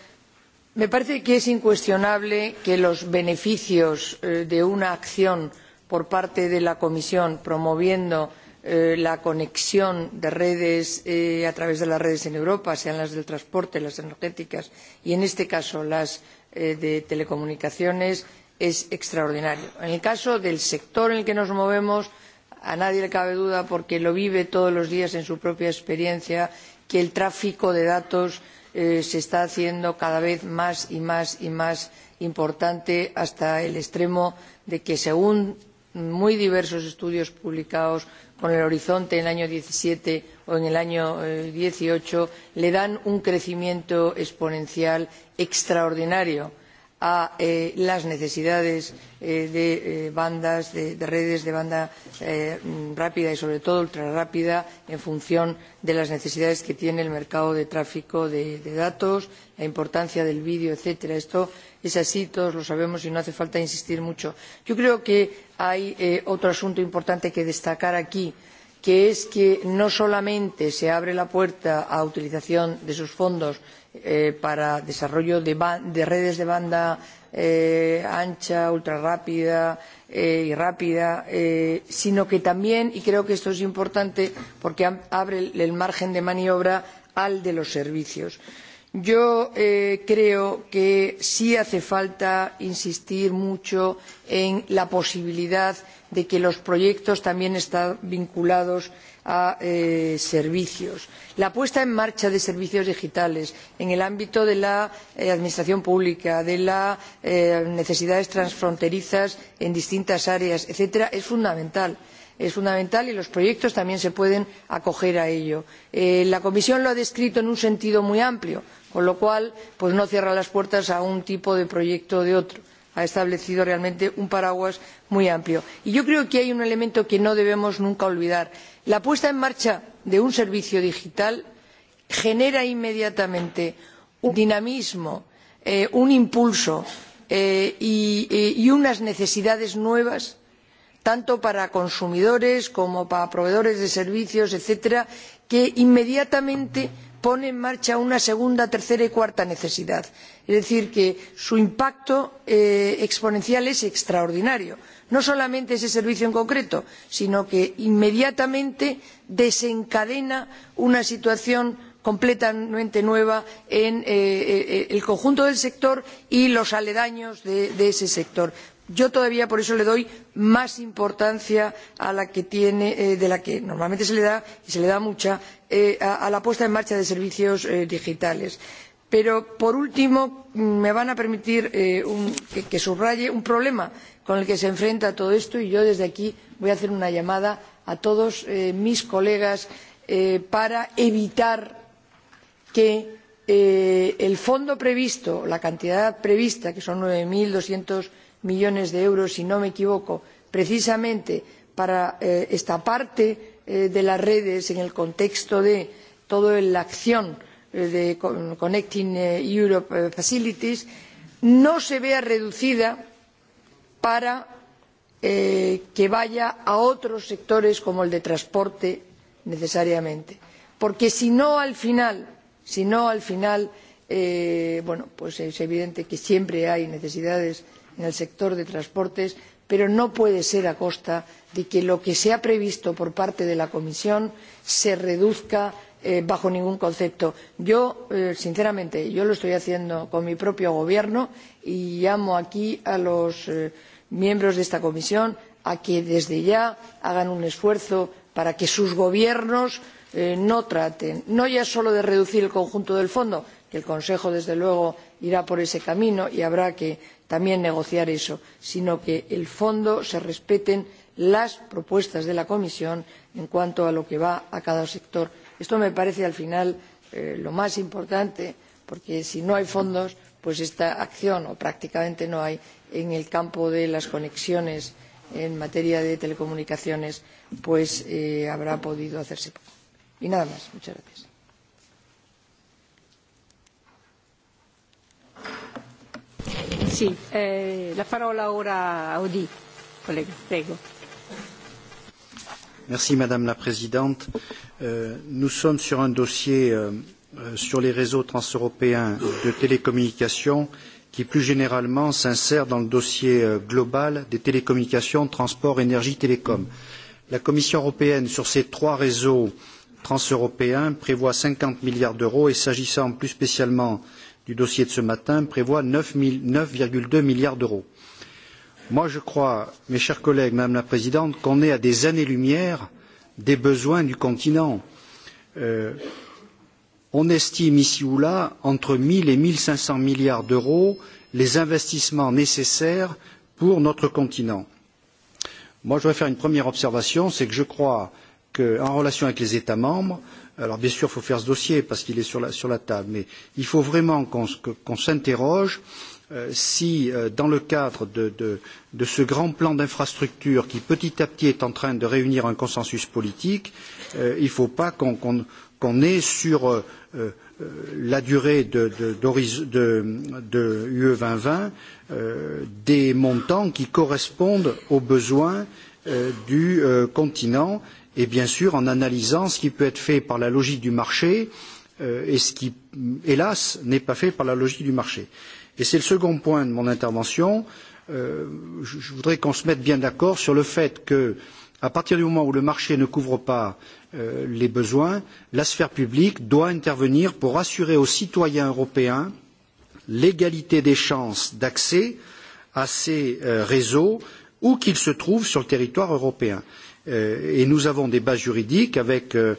me parece que es incuestionable que los beneficios eh, de una acción por parte de la Comisión promoviendo eh, la conexión de redes eh, a través de las redes en Europa, sean las del transporte, las energéticas y, en este caso, las eh, de telecomunicaciones, es extraordinario. En el caso del sector en el que nos movemos, a nadie le cabe duda porque lo vive todos los días en su propia experiencia que el tráfico de datos eh, se está haciendo cada vez más y más y más importante hasta el extremo de que según muy diversos estudios publicados con el horizonte en el año dos mil diecisiete o en el año dos eh, mil dieciocho le dan un crecimiento exponencial extraordinario a eh, las necesidades eh, de eh, bandas de, de redes de banda eh, rápida y sobre todo ultrarrápida en función de las necesidades que tiene el mercado de tráfico de, de datos la importancia del vídeo etc. esto es así todos lo sabemos y no hace falta insistir mucho. yo creo que hay eh, otro asunto importante que destacar aquí que es que no solamente se abre la puerta a la utilización de esos fondos eh, para desarrollo de, de redes de banda eh, ancha, ultrarrápida eh, y rápida, eh, sino que también, y creo que esto es importante porque abre el, el margen de maniobra al de los servicios. Yo eh, creo que sí hace falta insistir mucho en la posibilidad de que los proyectos también están vinculados a a eh, servicios la puesta en marcha de servicios digitales en el ámbito de la eh, administración pública de las eh, necesidades transfronterizas en distintas áreas etcétera es fundamental es fundamental y los proyectos también se pueden acoger a ello. Eh, la comisión lo ha descrito en un sentido muy amplio con lo cual pues no cierra las puertas a un tipo de proyecto o a otro ha establecido realmente un paraguas muy amplio. y yo creo que hay un elemento que no debemos nunca olvidar la puesta en marcha de un servicio digital genera inmediatamente un dinamismo eh, un impulso eh, y, eh, y unas necesidades nuevas tanto para consumidores como para proveedores de servicios etcétera que inmediatamente pone en marcha una segunda tercera y cuarta necesidad es decir que su impacto eh, exponencial es extraordinario no solamente ese servicio en concreto sino que inmediatamente desencadena una situación completamente nueva en eh, eh, el conjunto del sector y los aledaños de, de ese sector. yo todavía por eso le doy más importancia que tiene, eh, de la que normalmente se le da y se le da mucha eh, a, a la puesta en marcha de servicios eh, digitales. pero por último me van a permitir eh, un, que, que subraye un problema que con el que se enfrenta todo esto y yo desde aquí voy a hacer una llamada a todos eh, mis colegas eh, para evitar que eh, el fondo previsto la cantidad prevista que son nueve doscientos millones de euros si no me equivoco precisamente para eh, esta parte eh, de las redes en el contexto de toda la acción eh, de connecting europe facilities no se vea reducida para eh, que vaya a otros sectores como el de transporte necesariamente porque si no al final si no al final eh, bueno pues es evidente que siempre hay necesidades en el sector de transportes pero no puede ser a costa de que lo que se ha previsto por parte de la comisión se reduzca eh, bajo ningún concepto. yo eh, sinceramente yo lo estoy haciendo con mi propio gobierno y llamo aquí a los eh, miembros de esta comisión a que desde ya hagan un esfuerzo para que sus gobiernos eh, no traten no ya solo de reducir el conjunto del fondo que el consejo desde luego irá por ese camino y habrá que también negociar eso sino que en el fondo se respeten las propuestas de la comisión en cuanto a lo que va a cada sector. esto me parece al final eh, lo más importante porque si no hay fondos pues esta acción o prácticamente no hay en el campo de las conexiones en materia de telecomunicaciones pues eh, habrá podido hacerse poco. Y nada más. Muchas gracias. Sì, eh, la parola ora a Audi. Collega, prego. Merci Madame la Présidente. Euh, nous sommes sur un dossier euh, Euh, sur les réseaux transeuropéens de télécommunications qui plus généralement s'insère dans le dossier euh, global des télécommunications, transports, énergie, télécom. La Commission européenne, sur ces trois réseaux transeuropéens, prévoit 50 milliards d'euros et s'agissant plus spécialement du dossier de ce matin, prévoit 9,2 milliards d'euros. Moi, je crois, mes chers collègues, Madame la Présidente, qu'on est à des années-lumière des besoins du continent. Euh, on estime ici ou là entre 1 000 et 1 500 milliards d'euros les investissements nécessaires pour notre continent. Moi, je voudrais faire une première observation, c'est que je crois qu'en relation avec les États membres, alors bien sûr, il faut faire ce dossier parce qu'il est sur la, sur la table, mais il faut vraiment qu'on qu, qu s'interroge euh, si, euh, dans le cadre de, de, de ce grand plan d'infrastructure qui, petit à petit, est en train de réunir un consensus politique, euh, il ne faut pas qu'on qu qu'on est sur euh, euh, la durée de, de, de, de UE 2020 euh, des montants qui correspondent aux besoins euh, du euh, continent et bien sûr en analysant ce qui peut être fait par la logique du marché euh, et ce qui, hélas, n'est pas fait par la logique du marché. Et c'est le second point de mon intervention. Euh, je, je voudrais qu'on se mette bien d'accord sur le fait que euh, À partir du moment où le marché ne couvre pas euh, les besoins, la sphère publique doit intervenir pour assurer aux citoyens européens l'égalité des chances d'accès à ces euh, réseaux où qu'ils se trouvent sur le territoire européen. Euh, et nous avons des bases juridiques avec euh,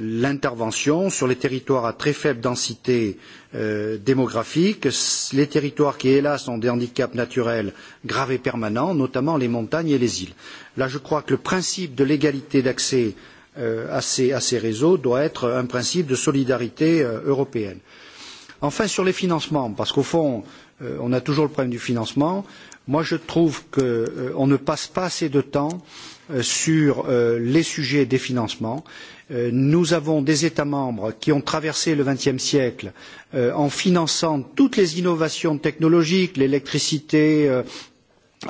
l'intervention sur les territoires à très faible densité euh, démographique, les territoires qui, hélas, ont des handicaps naturels graves et permanents, notamment les montagnes et les îles. Là, je crois que le principe de l'égalité d'accès euh, à, ces, à ces réseaux doit être un principe de solidarité euh, européenne. Enfin, sur les financements, parce qu'au fond, euh, on a toujours le problème du financement, moi je trouve qu'on euh, ne passe pas assez de temps euh, Euh, sur euh, les sujets des financements. Euh, nous avons des États membres qui ont traversé le XXe siècle en finançant toutes les innovations technologiques, l'électricité,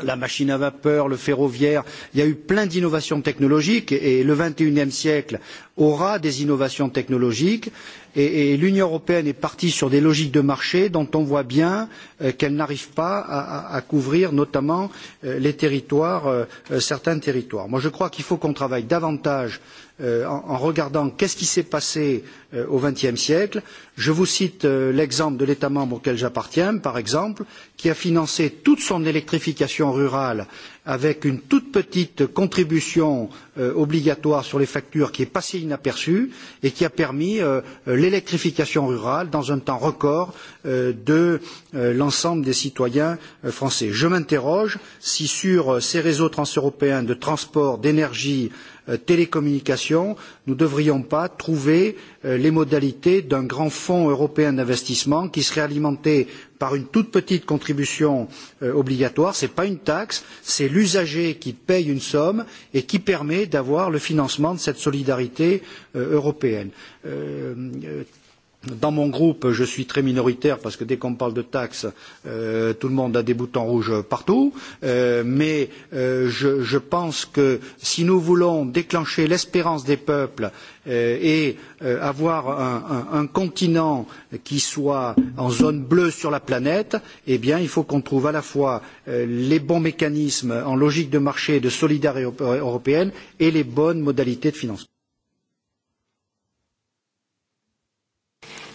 la machine à vapeur, le ferroviaire, il y a eu plein d'innovations technologiques et le XXIe siècle aura des innovations technologiques et, et l'Union européenne est partie sur des logiques de marché dont on voit bien euh, qu'elle n'arrive pas à, à, à couvrir notamment euh, les territoires, euh, euh certains territoires. Moi je crois qu'il faut qu'on travaille davantage euh, en, en regardant qu'est-ce qui s'est passé euh, au XXe siècle. Je vous cite euh, l'exemple de l'État membre auquel j'appartiens, par exemple, qui a financé toute son électrification rurale avec une toute petite contribution euh, obligatoire sur les factures qui est passée inaperçue et qui a permis euh, euh l'électrification rurale dans un temps record euh, de euh, l'ensemble des citoyens euh, français. Je m'interroge si sur euh, ces réseaux transeuropéens de transport, d'énergie, euh, euh, télécommunications, nous ne devrions pas trouver euh, les modalités d'un grand fonds européen d'investissement qui serait alimenté par une toute petite contribution euh, obligatoire. Ce n'est pas une taxe, c'est l'usager qui paye une somme et qui permet d'avoir le financement de cette solidarité euh, européenne. Euh, euh Dans mon groupe, je suis très minoritaire parce que dès qu'on parle de taxes, euh, tout le monde a des boutons rouges partout. Euh, mais euh, je, je pense que si nous voulons déclencher l'espérance des peuples euh, et euh, avoir un, un, un continent qui soit en zone bleue sur la planète, eh bien, il faut qu'on trouve à la fois euh, les bons mécanismes en logique de marché et de solidarité européenne et les bonnes modalités de financement.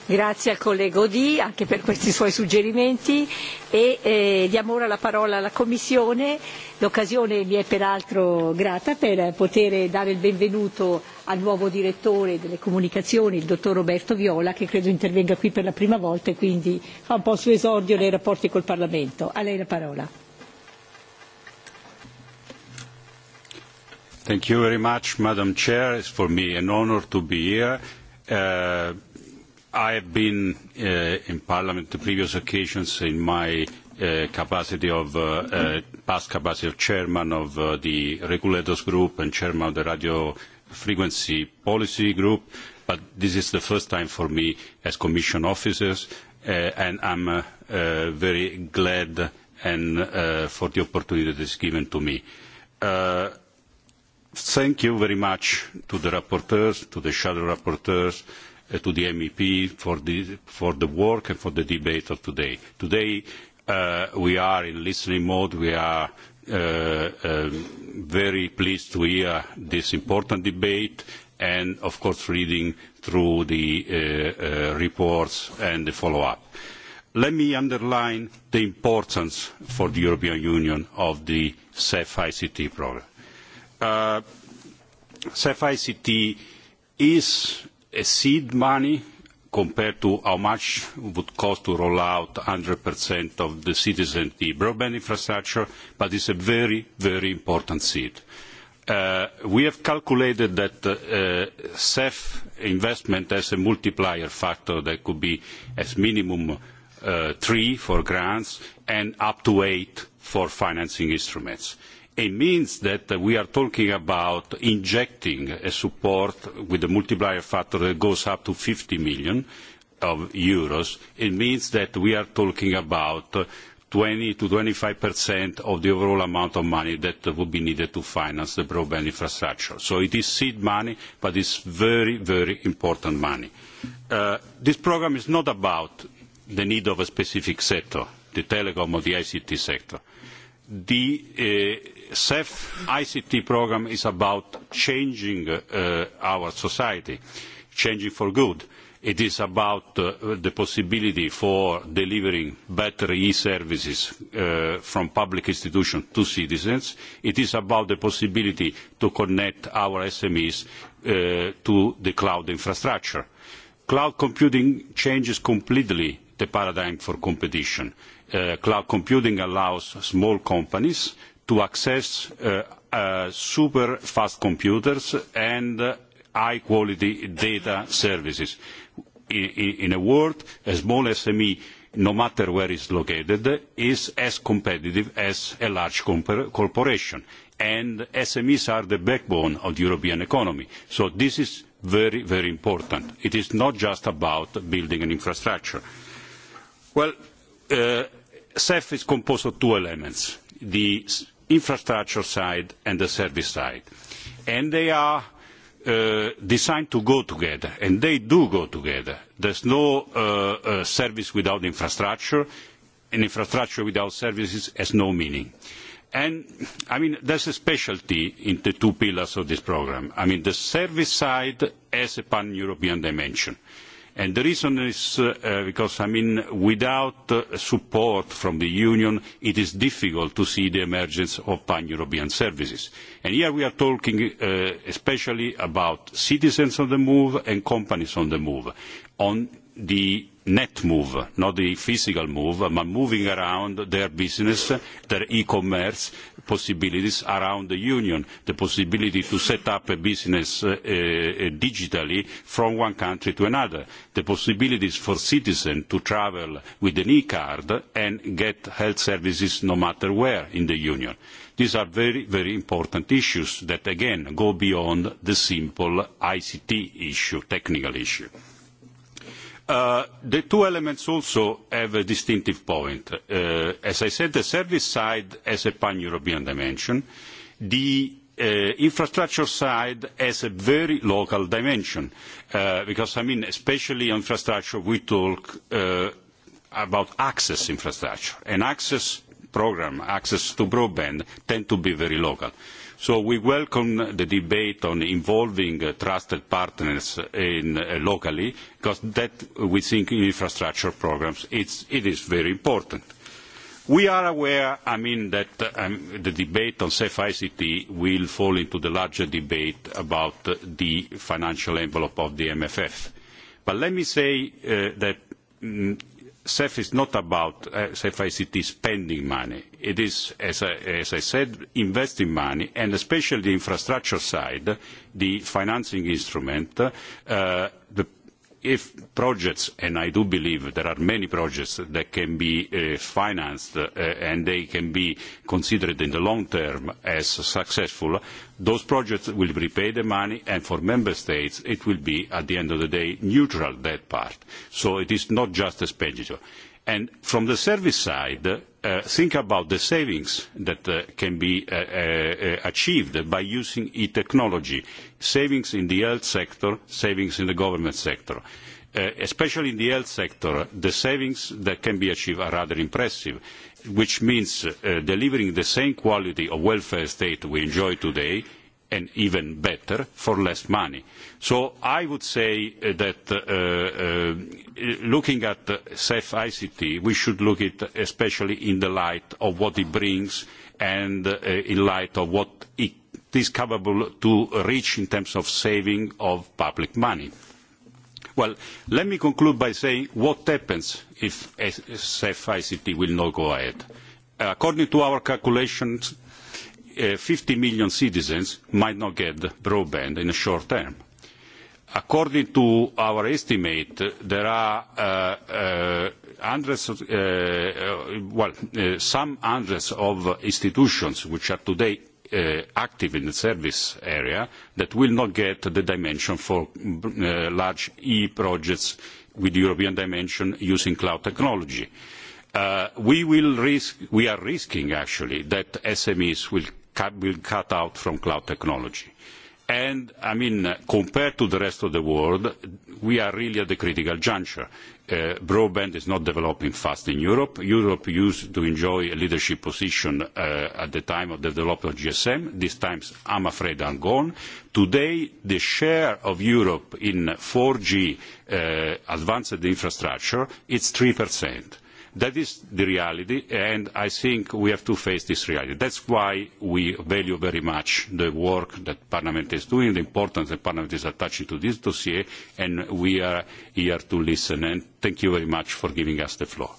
Grazie al collega Odì anche per questi suoi suggerimenti e eh, diamo ora la parola alla Commissione. L'occasione mi è peraltro grata per poter dare il benvenuto al nuovo direttore delle comunicazioni, il dottor Roberto Viola, che credo intervenga qui per la prima volta e quindi fa un po' il suo esordio nei rapporti col Parlamento. A lei la parola. Thank you very much, Madam Chair. It's for me an honor to be here. Uh, I have been uh, in Parliament the previous occasions in my uh, capacity of uh, uh, past capacity of chairman of uh, the regulators group and chairman of the radio frequency policy group, but this is the first time for me as commission officers, uh, and I'm uh, uh, very glad and uh, for the opportunity that is given to me. Uh, thank you very much to the rapporteurs, to the shadow rapporteurs, uh, uh, to the MEP for the, for the work and for the debate of today. Today uh, we are in listening mode. We are uh, uh, very pleased to hear this important debate and, of course, reading through the uh, uh, reports and the follow-up. Let me underline the importance for the European Union of the CEF ICT program. Uh, CEF ICT is a seed money compared to how much would cost to roll out 100% of the citizen the broadband infrastructure, but it's a very, very important seed. Uh, we have calculated that uh, CEF investment has a multiplier factor that could be as minimum uh, three for grants and up to eight for financing instruments. Uh, it means that we are talking about injecting a support with a multiplier factor that goes up to 50 million of euros. It means that we are talking about 20%-25% of the overall amount of money that would be needed to finance the broadband infrastructure. So it is seed money, but it's very, very important money. Uh, this program is not about the need of a specific sector, the telecom or the ICT sector. The uh, CEF ICT program is about changing uh, our society, changing for good. It is about uh, the possibility for delivering better e-services uh, from public institutions to citizens. It is about the possibility to connect our SMEs uh, to the cloud infrastructure. Cloud computing changes completely the paradigm for competition. Uh, cloud computing allows small companies to access uh, uh, super fast computers and uh, high quality data services. In, in a word, a small SME, no matter where it's located, is as competitive as a large corporation. And SMEs are the backbone of the European economy. So this is very, very important. It is not just about building an infrastructure. Well, uh, CEF is composed of two elements. The infrastructure side and the service side. And they are uh, designed to go together, and they do go together. There's no uh, uh, service without infrastructure, and infrastructure without services has no meaning. And, I mean, there's a specialty in the two pillars of this program. I mean, the service side has a pan-European dimension. Uh, And the reason is uh, uh, because, I mean, without uh, support from the Union, it is difficult to see the emergence of pan-European services. And here we are talking uh, especially about citizens on the move and companies on the move. On the net move, not the physical move, but moving around their business, their e-commerce possibilities around the union, the possibility to set up a business uh, uh, digitally from one country to another, the possibilities for citizens to travel with an e-card and get health services no matter where in the union. These are very, very important issues that, again, go beyond the simple ICT issue, technical issue. Uh, the two elements also have a distinctive point. Uh, as I said, the service side has a pan-European dimension. The uh, infrastructure side has a very local dimension, uh, because, I mean, especially infrastructure, we talk uh, about access infrastructure, and access program, access to broadband, tend to be very local. So we welcome the debate on involving uh, trusted partners in, uh, locally, because that we think in infrastructure programs it's, it is very important. We are aware, I mean, that uh, um, the debate on CEF ICT will fall into the larger debate about uh, the financial envelope of the MFF. But let me say uh, that mm, CEF is not about uh, CEF ICT spending money. It is, as I, as I said, investing money, and especially the infrastructure side, the financing instrument, uh, if projects, and I do believe there are many projects that can be uh, financed uh, and they can be considered in the long term as successful, those projects will repay the money and for member states it will be, at the end of the day, neutral, that part. So it is not just expenditure. And from the service side, uh, think about the savings that uh, can be uh, uh, achieved by using e-technology, savings in the health sector, savings in the government sector. Uh, especially in the health sector, the savings that can be achieved are rather impressive, which means uh, delivering the same quality of welfare state we enjoy today and even better for less money. So I would say that uh, uh, looking at CEF ICT, we should look at especially in the light of what it brings and uh, in light of what it is capable to reach in terms of saving of public money. Well, let me conclude by saying what happens if CEF ICT will not go ahead. According to our calculations, uh, 50 million citizens might not get broadband in the short term. According to our estimate, there are uh, uh, hundreds, of, uh, uh, well, uh, some hundreds of institutions which are today uh, active in the service area that will not get the dimension for uh, large E projects with European dimension using cloud technology. Uh, we will risk, we are risking actually that SMEs will cut, been cut out from cloud technology. And, I mean, compared to the rest of the world, we are really at the critical juncture. Uh, broadband is not developing fast in Europe. Europe used to enjoy a leadership position uh, at the time of the development of GSM. These times, I'm afraid, are gone. Today, the share of Europe in 4G uh, advanced infrastructure, it's 3%. That is the reality, and I think we have to face this reality. That's why we value very much the work that Parliament is doing, the importance that Parliament is attaching to this dossier, and we are here to listen. And thank you very much for giving us the floor.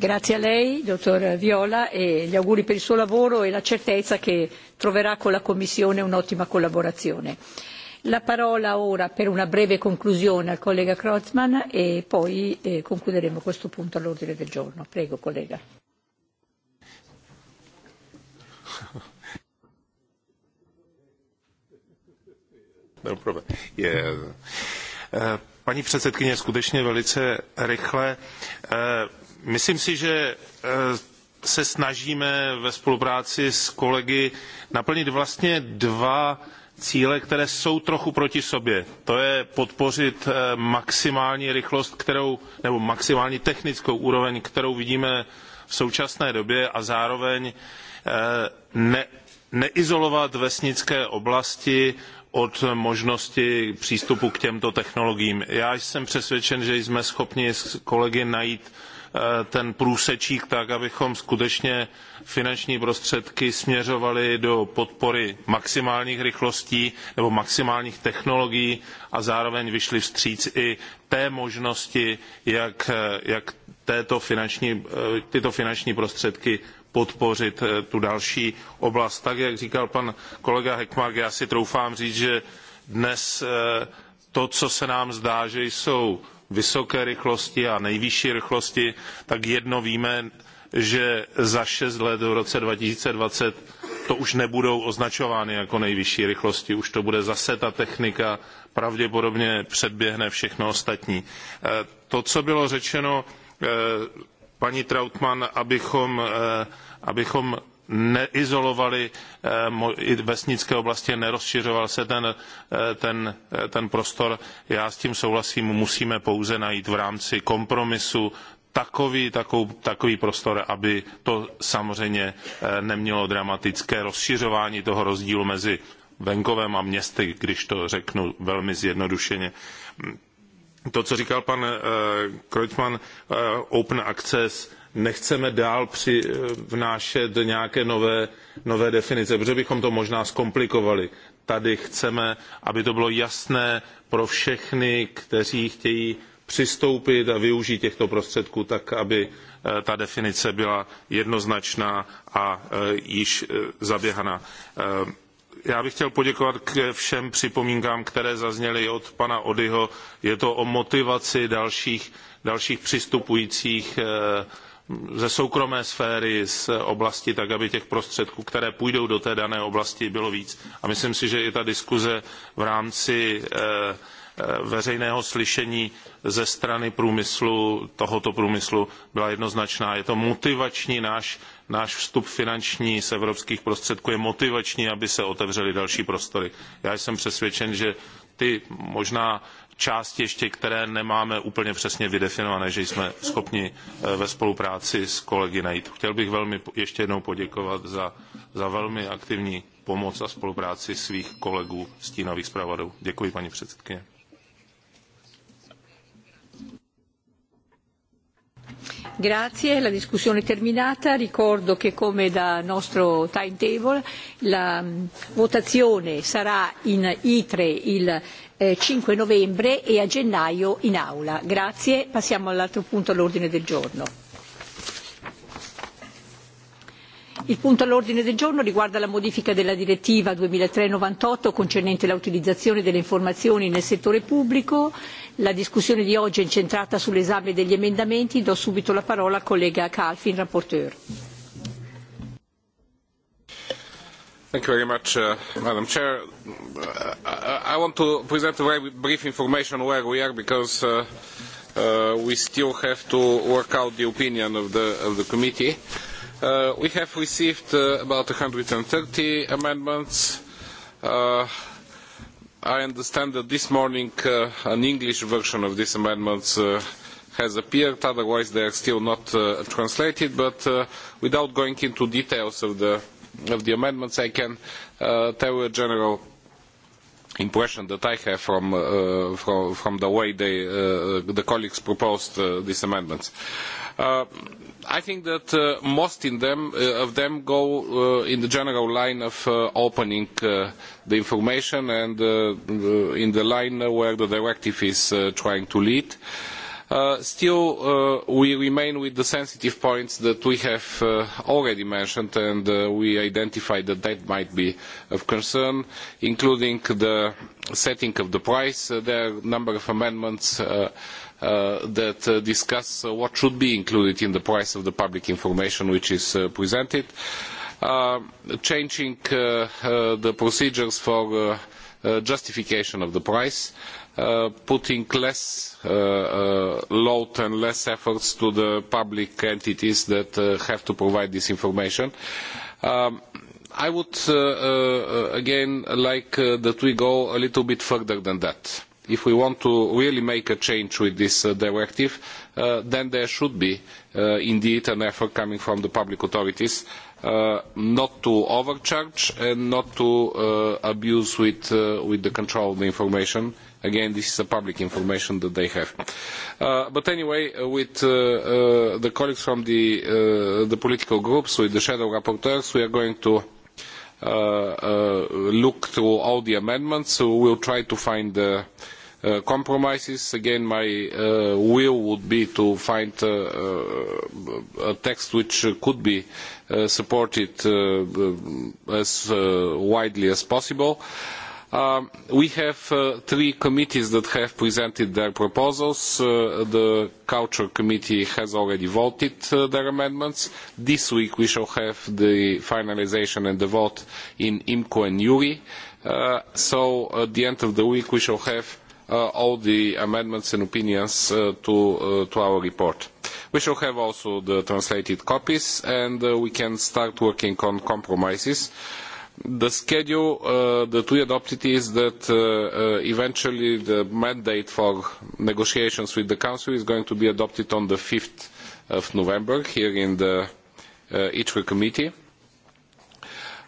Grazie a lei, dottor Viola, e gli auguri per il suo lavoro e la certezza che troverà con la Commissione un'ottima collaborazione. La parola ora per una breve conclusione al collega Kreutzmann e poi eh, concluderemo questo punto all'ordine del giorno. Prego, collega. No problem. Yeah. Uh, paní předsedkyně, skutečně velice rychle. Uh, myslím si, že uh, se snažíme ve spolupráci s kolegy naplnit vlastně dva uh, cíle, které jsou trochu proti sobě. To je podpořit eh, maximální rychlost, kterou, nebo maximální technickou úroveň, kterou vidíme v současné době a zároveň eh, ne, neizolovat vesnické oblasti od možnosti přístupu k těmto technologiím. Já jsem přesvědčen, že jsme schopni s kolegy najít Eh, ten průsečík tak, abychom skutečně finanční prostředky směřovali do podpory maximálních rychlostí nebo maximálních technologií a zároveň vyšli vstříc i té možnosti, jak, jak této finanční, eh, tyto finanční prostředky podpořit eh, tu další oblast. Tak, jak říkal pan kolega Hekmark, já si troufám říct, že dnes to, co se nám zdá, že jsou vysoké rychlosti a nejvyšší rychlosti, tak jedno víme, že za šest let v roce 2020 to už nebudou označovány jako nejvyšší rychlosti, už to bude zase ta technika, pravděpodobně předběhne všechno ostatní. E, to, co bylo řečeno e, paní Trautmann, abychom, e, abychom neizolovaly eh, vesnické oblasti, nerozšiřoval se ten, eh, ten, eh, ten prostor. Já s tím souhlasím, musíme pouze najít v rámci kompromisu takový, takovou, takový prostor, aby to samozřejmě nemělo dramatické rozšiřování toho rozdílu mezi venkovem a městy, když to řeknu velmi zjednodušeně. To, co říkal pan Kreutzmann, open access nechceme dál při, eh, vnášet nějaké nové, nové definice, protože bychom to možná zkomplikovali. Tady chceme, aby to bylo jasné pro všechny, kteří chtějí přistoupit a využít těchto prostředků tak, aby eh, ta definice byla jednoznačná a eh, již zaběhaná. Já bych chtěl poděkovat k všem připomínkám, které zazněly od pana Odyho. Je to o motivaci dalších, dalších přistupujících ze soukromé sféry z oblasti tak aby těch prostředků které půjdou do té dané oblasti bylo víc. a myslím si že i ta diskuse v rámci eh, eh, veřejného slyšení ze strany průmyslu, tohoto průmyslu byla jednoznačná. Je to motivační, náš, náš vstup finanční z evropských prostředků je motivační, aby se otevřely další prostory. Já jsem přesvědčen, že ty možná části ještě, které nemáme úplně přesně vydefinované, že jsme schopni eh, ve spolupráci s kolegy najít. Chtěl bych velmi ještě jednou poděkovat za, za velmi aktivní pomoc a spolupráci svých kolegů stínových zpravodů. Děkuji, paní předsedkyně. Grazie, la discussione è terminata. Ricordo che come da nostro timetable la mm, votazione sarà in ITRE il eh, 5 novembre e a gennaio in aula. Grazie. Passiamo all'altro punto all'ordine del giorno. Il punto all'ordine del giorno riguarda la modifica della direttiva 2003-98 concernente l'utilizzazione delle informazioni nel settore pubblico. La discussione di oggi è incentrata sull'esame degli emendamenti. Do subito la parola al collega Calfin, rapporteur. Thank you very much, uh, Madam Chair. Uh, I, I want to present a very brief information where we are because uh, uh, we still have to work out the opinion of the, of the committee. Uh, we have received uh, about 130 amendments. Uh, I understand that this morning uh, an English version of these amendments uh, has appeared, otherwise they are still not uh, translated, but uh, without going into details of the uh, of the amendments, I can uh, tell a general impression that I have from uh, from, from the way they, uh, the colleagues proposed uh, these amendments. Uh, I think that uh, most in them, uh, of them go uh, in the general line of uh, opening uh, the information and uh, in the line where the directive is uh, trying to lead. Uh, Uh, still, uh, we remain with the sensitive points that we have uh, already mentioned, and uh, we identified that that might be of concern, including the setting of the price. Uh, there are a number of amendments uh, that discuss what should be included in the price of the public information which is presented. Changing the procedures for justification of the price, uh, putting less uh, uh, load and less efforts to the public entities that uh, have to provide this information. Um, I would, uh, uh, again, like uh, that we go a little bit further than that. If we want to really make a change with this uh, directive, uh, then there should be uh, indeed an effort coming from the public authorities uh, not to overcharge and not to uh, abuse with, uh, with the control of the information Again, this is a public information that they have. Uh, but anyway, uh, with uh, uh, the colleagues from the, uh, the political groups, with the shadow rapporteurs, we are going to uh, uh, look through all the amendments. So we'll try to find uh, uh, compromises. Again, my uh, will would be to find uh, uh, a text which could be uh, supported uh, as uh, widely as possible. Uh, Um, we have uh, three committees that have presented their proposals. Uh, the Culture Committee has already voted uh, their amendments. This week we shall have the finalization and the vote in IMCO and URI. Uh, so at the end of the week we shall have uh, all the amendments and opinions uh, to, uh, to our report. We shall have also the translated copies and uh, we can start working on compromises. Uh, The schedule uh, that we adopted is that uh, uh, eventually the mandate for negotiations with the Council is going to be adopted on the 5th of November here in the uh, ITRE committee.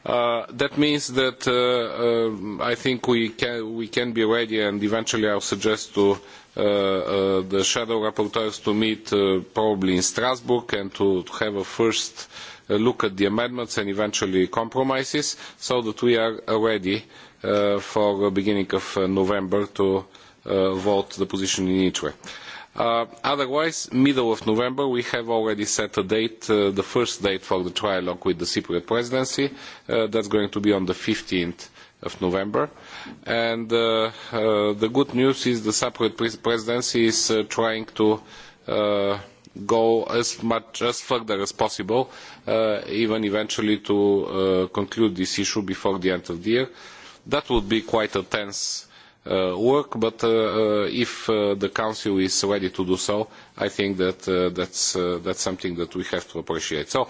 Uh, that means that uh, uh, I think we can, we can be ready and eventually I'll suggest to uh, uh, the shadow rapporteurs to meet uh, probably in Strasbourg and to, to have a first uh, Uh, look at the amendments and eventually compromises so that we are ready uh, for the beginning of uh, November to uh, vote the position in each way. Uh, otherwise, middle of November, we have already set a date, uh, the first date for the trialogue with the Cypriot presidency. Uh, that's going to be on the 15th of November. And uh, uh, the good news is the Cypriot presidency is uh, trying to uh, go as much as further as possible, uh, even eventually to uh, conclude this issue before the end of the year. That would be quite a tense uh, work, but uh, uh, if uh, the Council is ready to do so, I think that uh, that's, uh, that's something that we have to appreciate. So,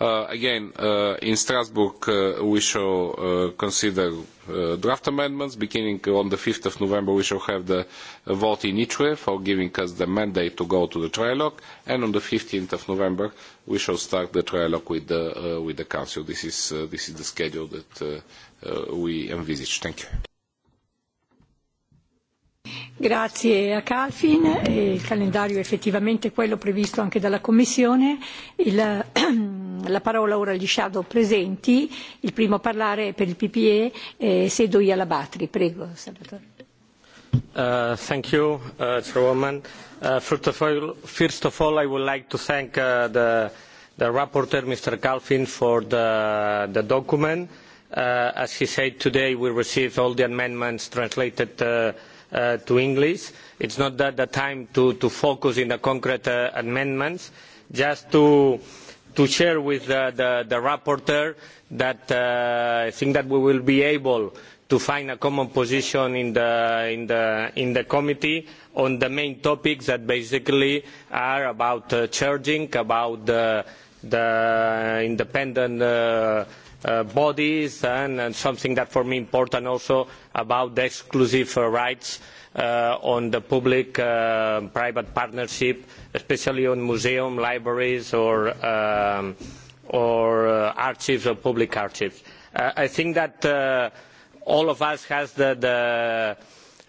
uh, again, uh, in Strasbourg, uh, we shall uh, consider uh, draft amendments. Beginning on the 5th of November, we shall have the vote in ITRE for giving us the mandate to go to the trilogue, and on the 15th of November, we shall start the trilogue with the, uh, with the Council. This is, uh, this is the schedule that uh, uh, we envisage. Thank you. Grazie a Calfin, e il calendario è effettivamente quello previsto anche dalla Commissione. Il, la parola ora agli shadow presenti, il primo a parlare è per il PPE, eh, Sedo Yalabatri. Prego, Salvatore. Uh, thank you, uh, Chairwoman. Uh, first, of all, first of all, I would like to thank uh, the, the rapporteur, Mr. Calfin, for the, the document. Uh, as he said today, we received all the amendments translated uh, uh, to English. It's not that the time to, to focus in the concrete uh, amendments, just to, to share with the, the, the rapporteur that uh, I think that we will be able to find a common position in the, in the, in the committee on the main topics that basically are about uh, charging, about uh, the independent uh, uh, bodies and, and something that for me important also about the exclusive uh, rights uh, on the public uh, private partnership especially on museum libraries or um, or uh, archives or public archives uh, i think that uh, all of us has the the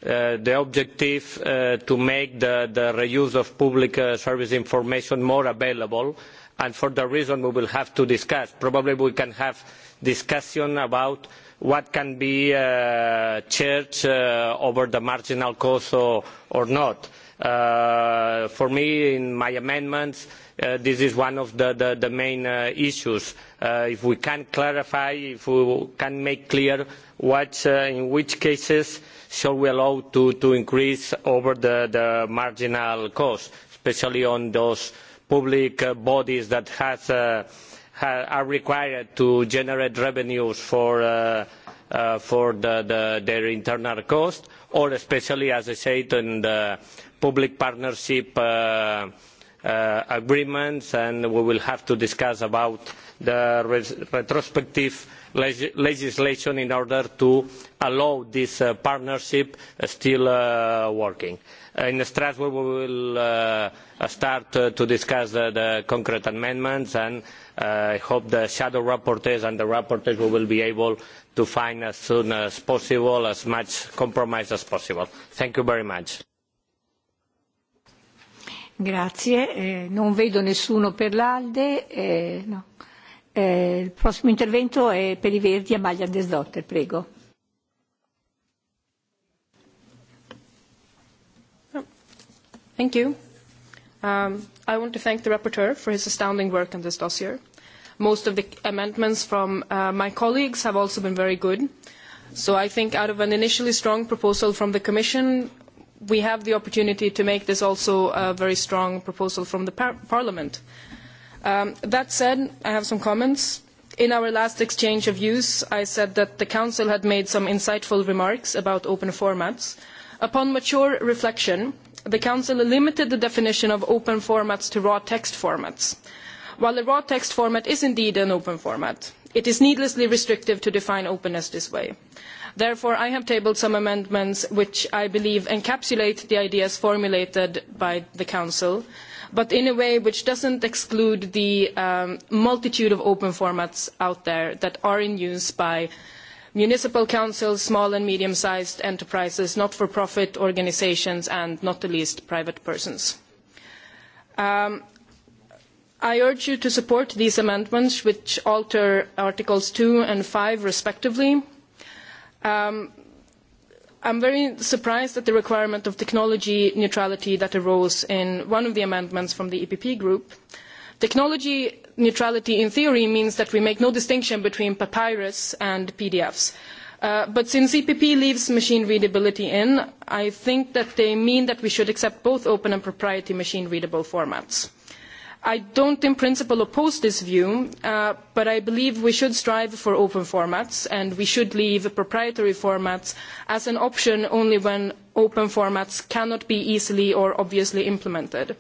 uh, the objective uh, to make the, the reuse of public uh, service information more available and for that reason we will have to discuss probably we can have uh, discussion about what can be uh, charged uh, over the marginal cost or, or not. Uh, for me, in my amendments, uh, this is one of the, the, the main uh, issues. Uh, if we can clarify, if we can make clear what, uh, in which cases shall we allow to, to increase over the, the marginal cost, especially on those public uh, bodies that has uh, are required to generate revenues for, uh, uh, for the, the, their internal cost or especially, as I said, in the public partnership uh, uh, agreements and we will have to discuss about the res retrospective leg legislation in order to allow this uh, partnership uh, still uh, working. In Strasbourg we will uh, start uh, to discuss the, the concrete amendments and uh, I hope the shadow rapporteurs and the rapporteurs will be able to find as soon as possible as much compromise as possible. Thank you very much. Grazie, eh, non vedo nessuno per l'Alde. Eh, no. eh, il prossimo intervento è per i Verdi, Amalia Desdotter, prego. Oh, thank you. Um, I want to thank the rapporteur for his astounding work on this dossier. Most of the amendments from uh, my colleagues have also been very good. So I think out of an initially strong proposal from the Commission, we have the opportunity to make this also a very strong proposal from the par Parliament. Um, that said, I have some comments. In our last exchange of views, I said that the Council had made some insightful remarks about open formats. Upon mature reflection, the Council limited the definition of open formats to raw text formats. While a raw text format is indeed an open format, it is needlessly restrictive to define openness this way. Therefore, I have tabled some amendments which I believe encapsulate the ideas formulated by the Council, but in a way which doesn't exclude the um, multitude of open formats out there that are in use by municipal councils, small and medium-sized enterprises, not-for-profit organizations, and not the least, private persons. Um, I urge you to support these amendments, which alter Articles 2 and 5, respectively, Um, I'm very surprised at the requirement of technology neutrality that arose in one of the amendments from the EPP group. Technology neutrality in theory means that we make no distinction between papyrus and PDFs. Uh, but since EPP leaves machine readability in, I think that they mean that we should accept both open and proprietary machine readable formats. I don't in principle oppose this view, uh, but I believe we should strive for open formats and we should leave proprietary formats as an option only when open formats cannot be easily or obviously implemented.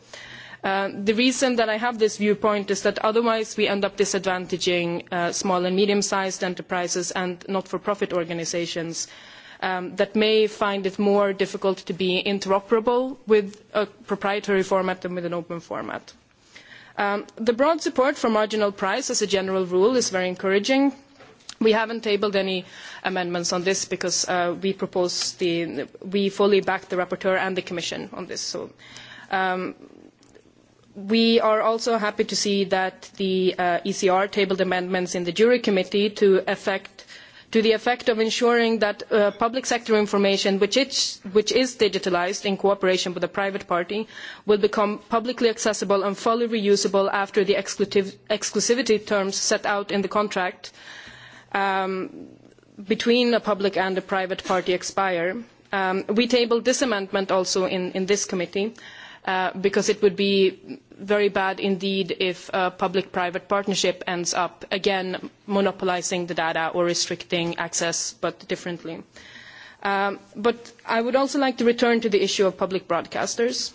Uh, the reason that I have this viewpoint is that otherwise we end up disadvantaging uh, small and medium-sized enterprises and not-for-profit organizations um, that may find it more difficult to be interoperable with a proprietary format than with an open format. Uh, Um, the broad support for marginal price as a general rule is very encouraging. We haven't tabled any amendments on this because uh, we propose the we fully back the rapporteur and the commission on this. So um, we are also happy to see that the uh, ECR tabled amendments in the jury committee to affect to the effect of ensuring that uh, public sector information, which is, which is digitalized in cooperation with a private party, will become publicly accessible and fully reusable after the exclusive, exclusivity terms set out in the contract um, between a public and a private party expire. Um, we tabled this amendment also in, in this committee uh, because it would be very bad indeed if a public-private partnership ends up, again, monopolizing the data or restricting access, but differently. Um, but I would also like to return to the issue of public broadcasters.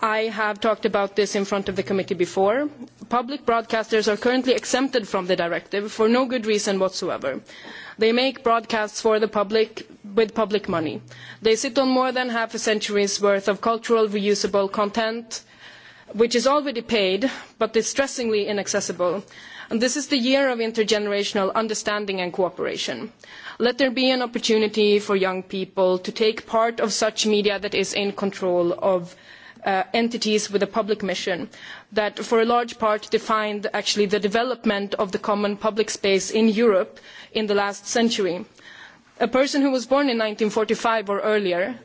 I have talked about this in front of the committee before. Public broadcasters are currently exempted from the directive for no good reason whatsoever. They make broadcasts for the public with public money. They sit on more than half a century's worth of cultural reusable content, which is already paid but distressingly inaccessible. And this is the year of intergenerational understanding and cooperation. Let there be an opportunity for young people to take part of such media that is in control of uh, entities with a public mission that for a large part defined actually the development of the common public space in Europe in the last century. Uh, a person who was born in 1945 or earlier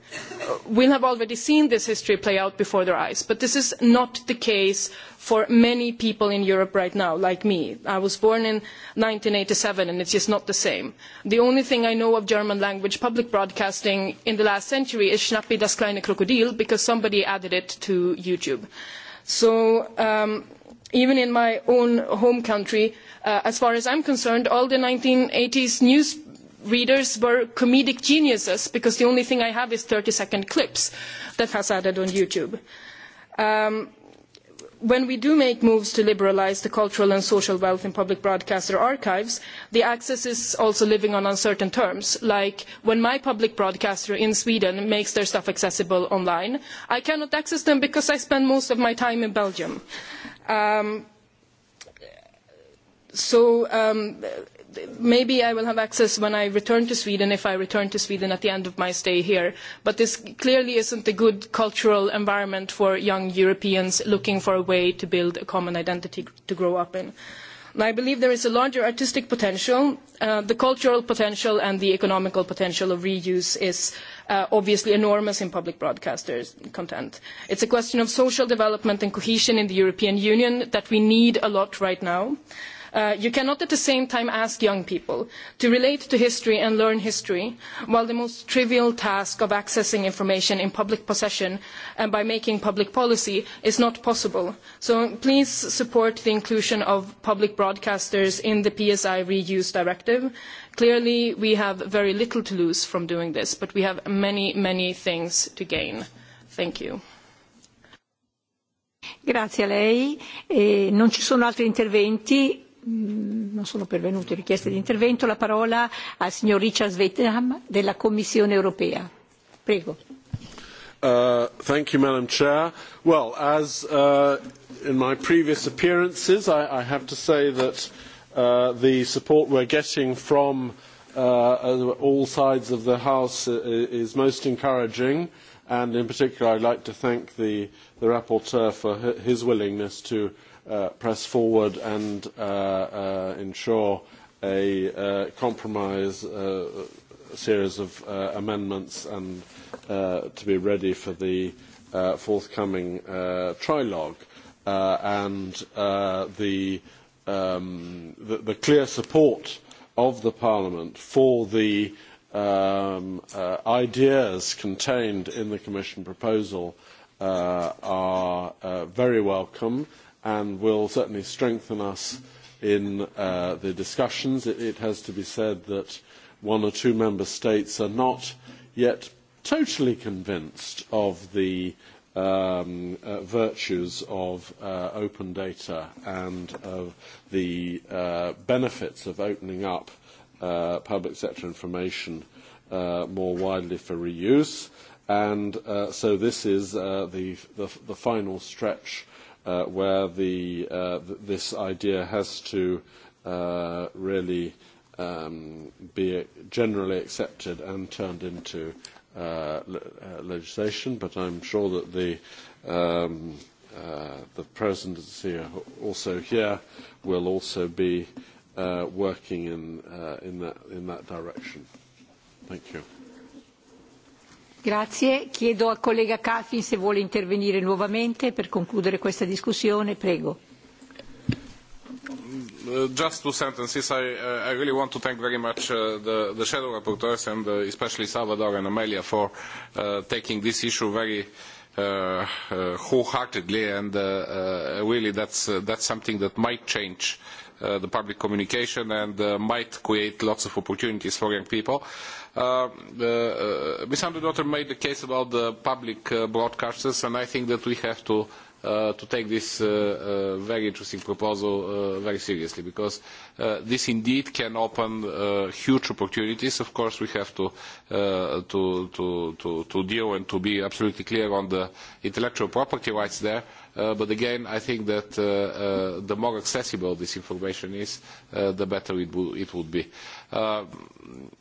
uh, will have already seen this history play out before their eyes. But this is not the case for many people in Europe right now, like me. I was born in 1987 and it's just not the same. The only thing I know of German language public broadcasting in the last century is Schnappi das kleine Krokodil because somebody added it to YouTube. So um, even in my own home country, uh, as far as I'm concerned, all the 1980s news readers were comedic geniuses because the only thing I have is 30 second clips that has added on YouTube. Um, when we do make moves to liberalise the cultural and social wealth in public broadcaster archives, the access is also living on uncertain terms. Like when my public broadcaster in Sweden makes their stuff accessible online, I cannot access them because I spend most of my time in Belgium. Um, so um, maybe I will have access when I return to Sweden, if I return to Sweden at the end of my stay here. But this clearly isn't a good cultural environment for young Europeans looking for a way to build a common identity to grow up in. And I believe there is a larger artistic potential. Uh, the cultural potential and the economical potential of reuse is uh, obviously enormous in public broadcasters' content. It's a question of social development and cohesion in the European Union that we need a lot right now. Uh, Uh, you cannot at the same time ask young people to relate to history and learn history, while the most trivial task of accessing information in public possession and by making public policy is not possible. So please support the inclusion of public broadcasters in the PSI reuse directive. Clearly, we have very little to lose from doing this, but we have many, many things to gain. Thank you. Grazie a lei. Eh, non ci sono altri interventi Mm, non sono pervenute richieste di intervento. La parola al signor Richard Svetam della Commissione europea. Prego. Uh, thank you, Madam Chair. Well, as uh, in my previous appearances, I, I have to say that uh, the support we're getting from uh, uh all sides of the House is most encouraging, and in particular, I'd like to thank the, the rapporteur for his willingness to uh, uh, press forward and uh, uh, ensure a uh, compromise uh, series of uh, amendments and uh, to be ready for the uh, forthcoming uh, trilogue. Uh, and uh, the, um, the, the clear support of the Parliament for the um, uh, ideas contained in the Commission proposal uh, are uh, very welcome. Uh, and will certainly strengthen us in uh, the discussions. It, it has to be said that one or two member states are not yet totally convinced of the um, uh, virtues of uh, open data and of the uh, benefits of opening up uh, public sector information uh, more widely for reuse. And uh, so this is uh, the, the, the final stretch uh, uh, where the, uh, th- this idea has to uh, really um, be generally accepted and turned into uh, le- uh, legislation. But I'm sure that the um, uh, the presidency also here will also be uh, working in uh, in that in that direction. Thank you. Grazie. Chiedo al collega Calfin se vuole intervenire nuovamente per concludere questa discussione. Prego. Mm, uh, just two sentences. I, uh, I really want to thank very much uh, the, the shadow rapporteurs and uh, especially Salvador and Amelia for uh, taking this issue very uh, uh, wholeheartedly and uh, uh, really that's, uh, that's something that might change uh, uh, the public communication and uh, might create lots of opportunities for young people. Uh, uh, Ms. Underdaughter made the case about the public uh, broadcasters, and I think that we have to uh, uh, to take this uh, uh, very interesting proposal uh, very seriously because uh, this indeed can open uh, huge opportunities. Of course, we have to, uh, to, to, to, to deal and to be absolutely clear on the intellectual property rights there. Uh, but again, I think that uh, uh, the more accessible this information is, uh, the better it, will, it would be. Uh,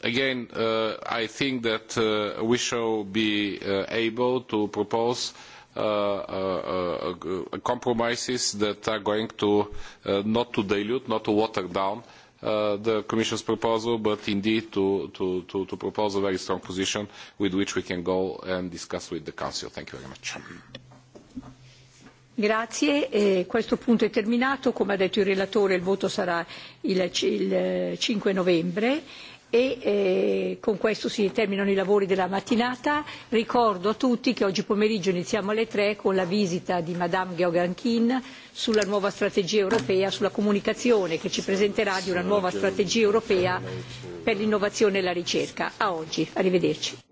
again, uh, I think that uh, we shall be uh, able to propose uh, uh, uh, uh, compromises that are going to uh, not to dilute, not to water down uh, the Commission's proposal, but indeed to, to, to, to propose a very strong position with which we can go and discuss with the Council. Thank you very much. Grazie, e questo punto è terminato. Come ha detto il relatore, il voto sarà il, il 5 novembre e eh, con questo si terminano i lavori della mattinata. Ricordo a tutti che oggi pomeriggio iniziamo alle 3 con la visita di Madame Geoghegan-Quinn sulla nuova strategia europea, sulla comunicazione che ci presenterà di una nuova strategia europea per l'innovazione e la ricerca. A oggi, arrivederci.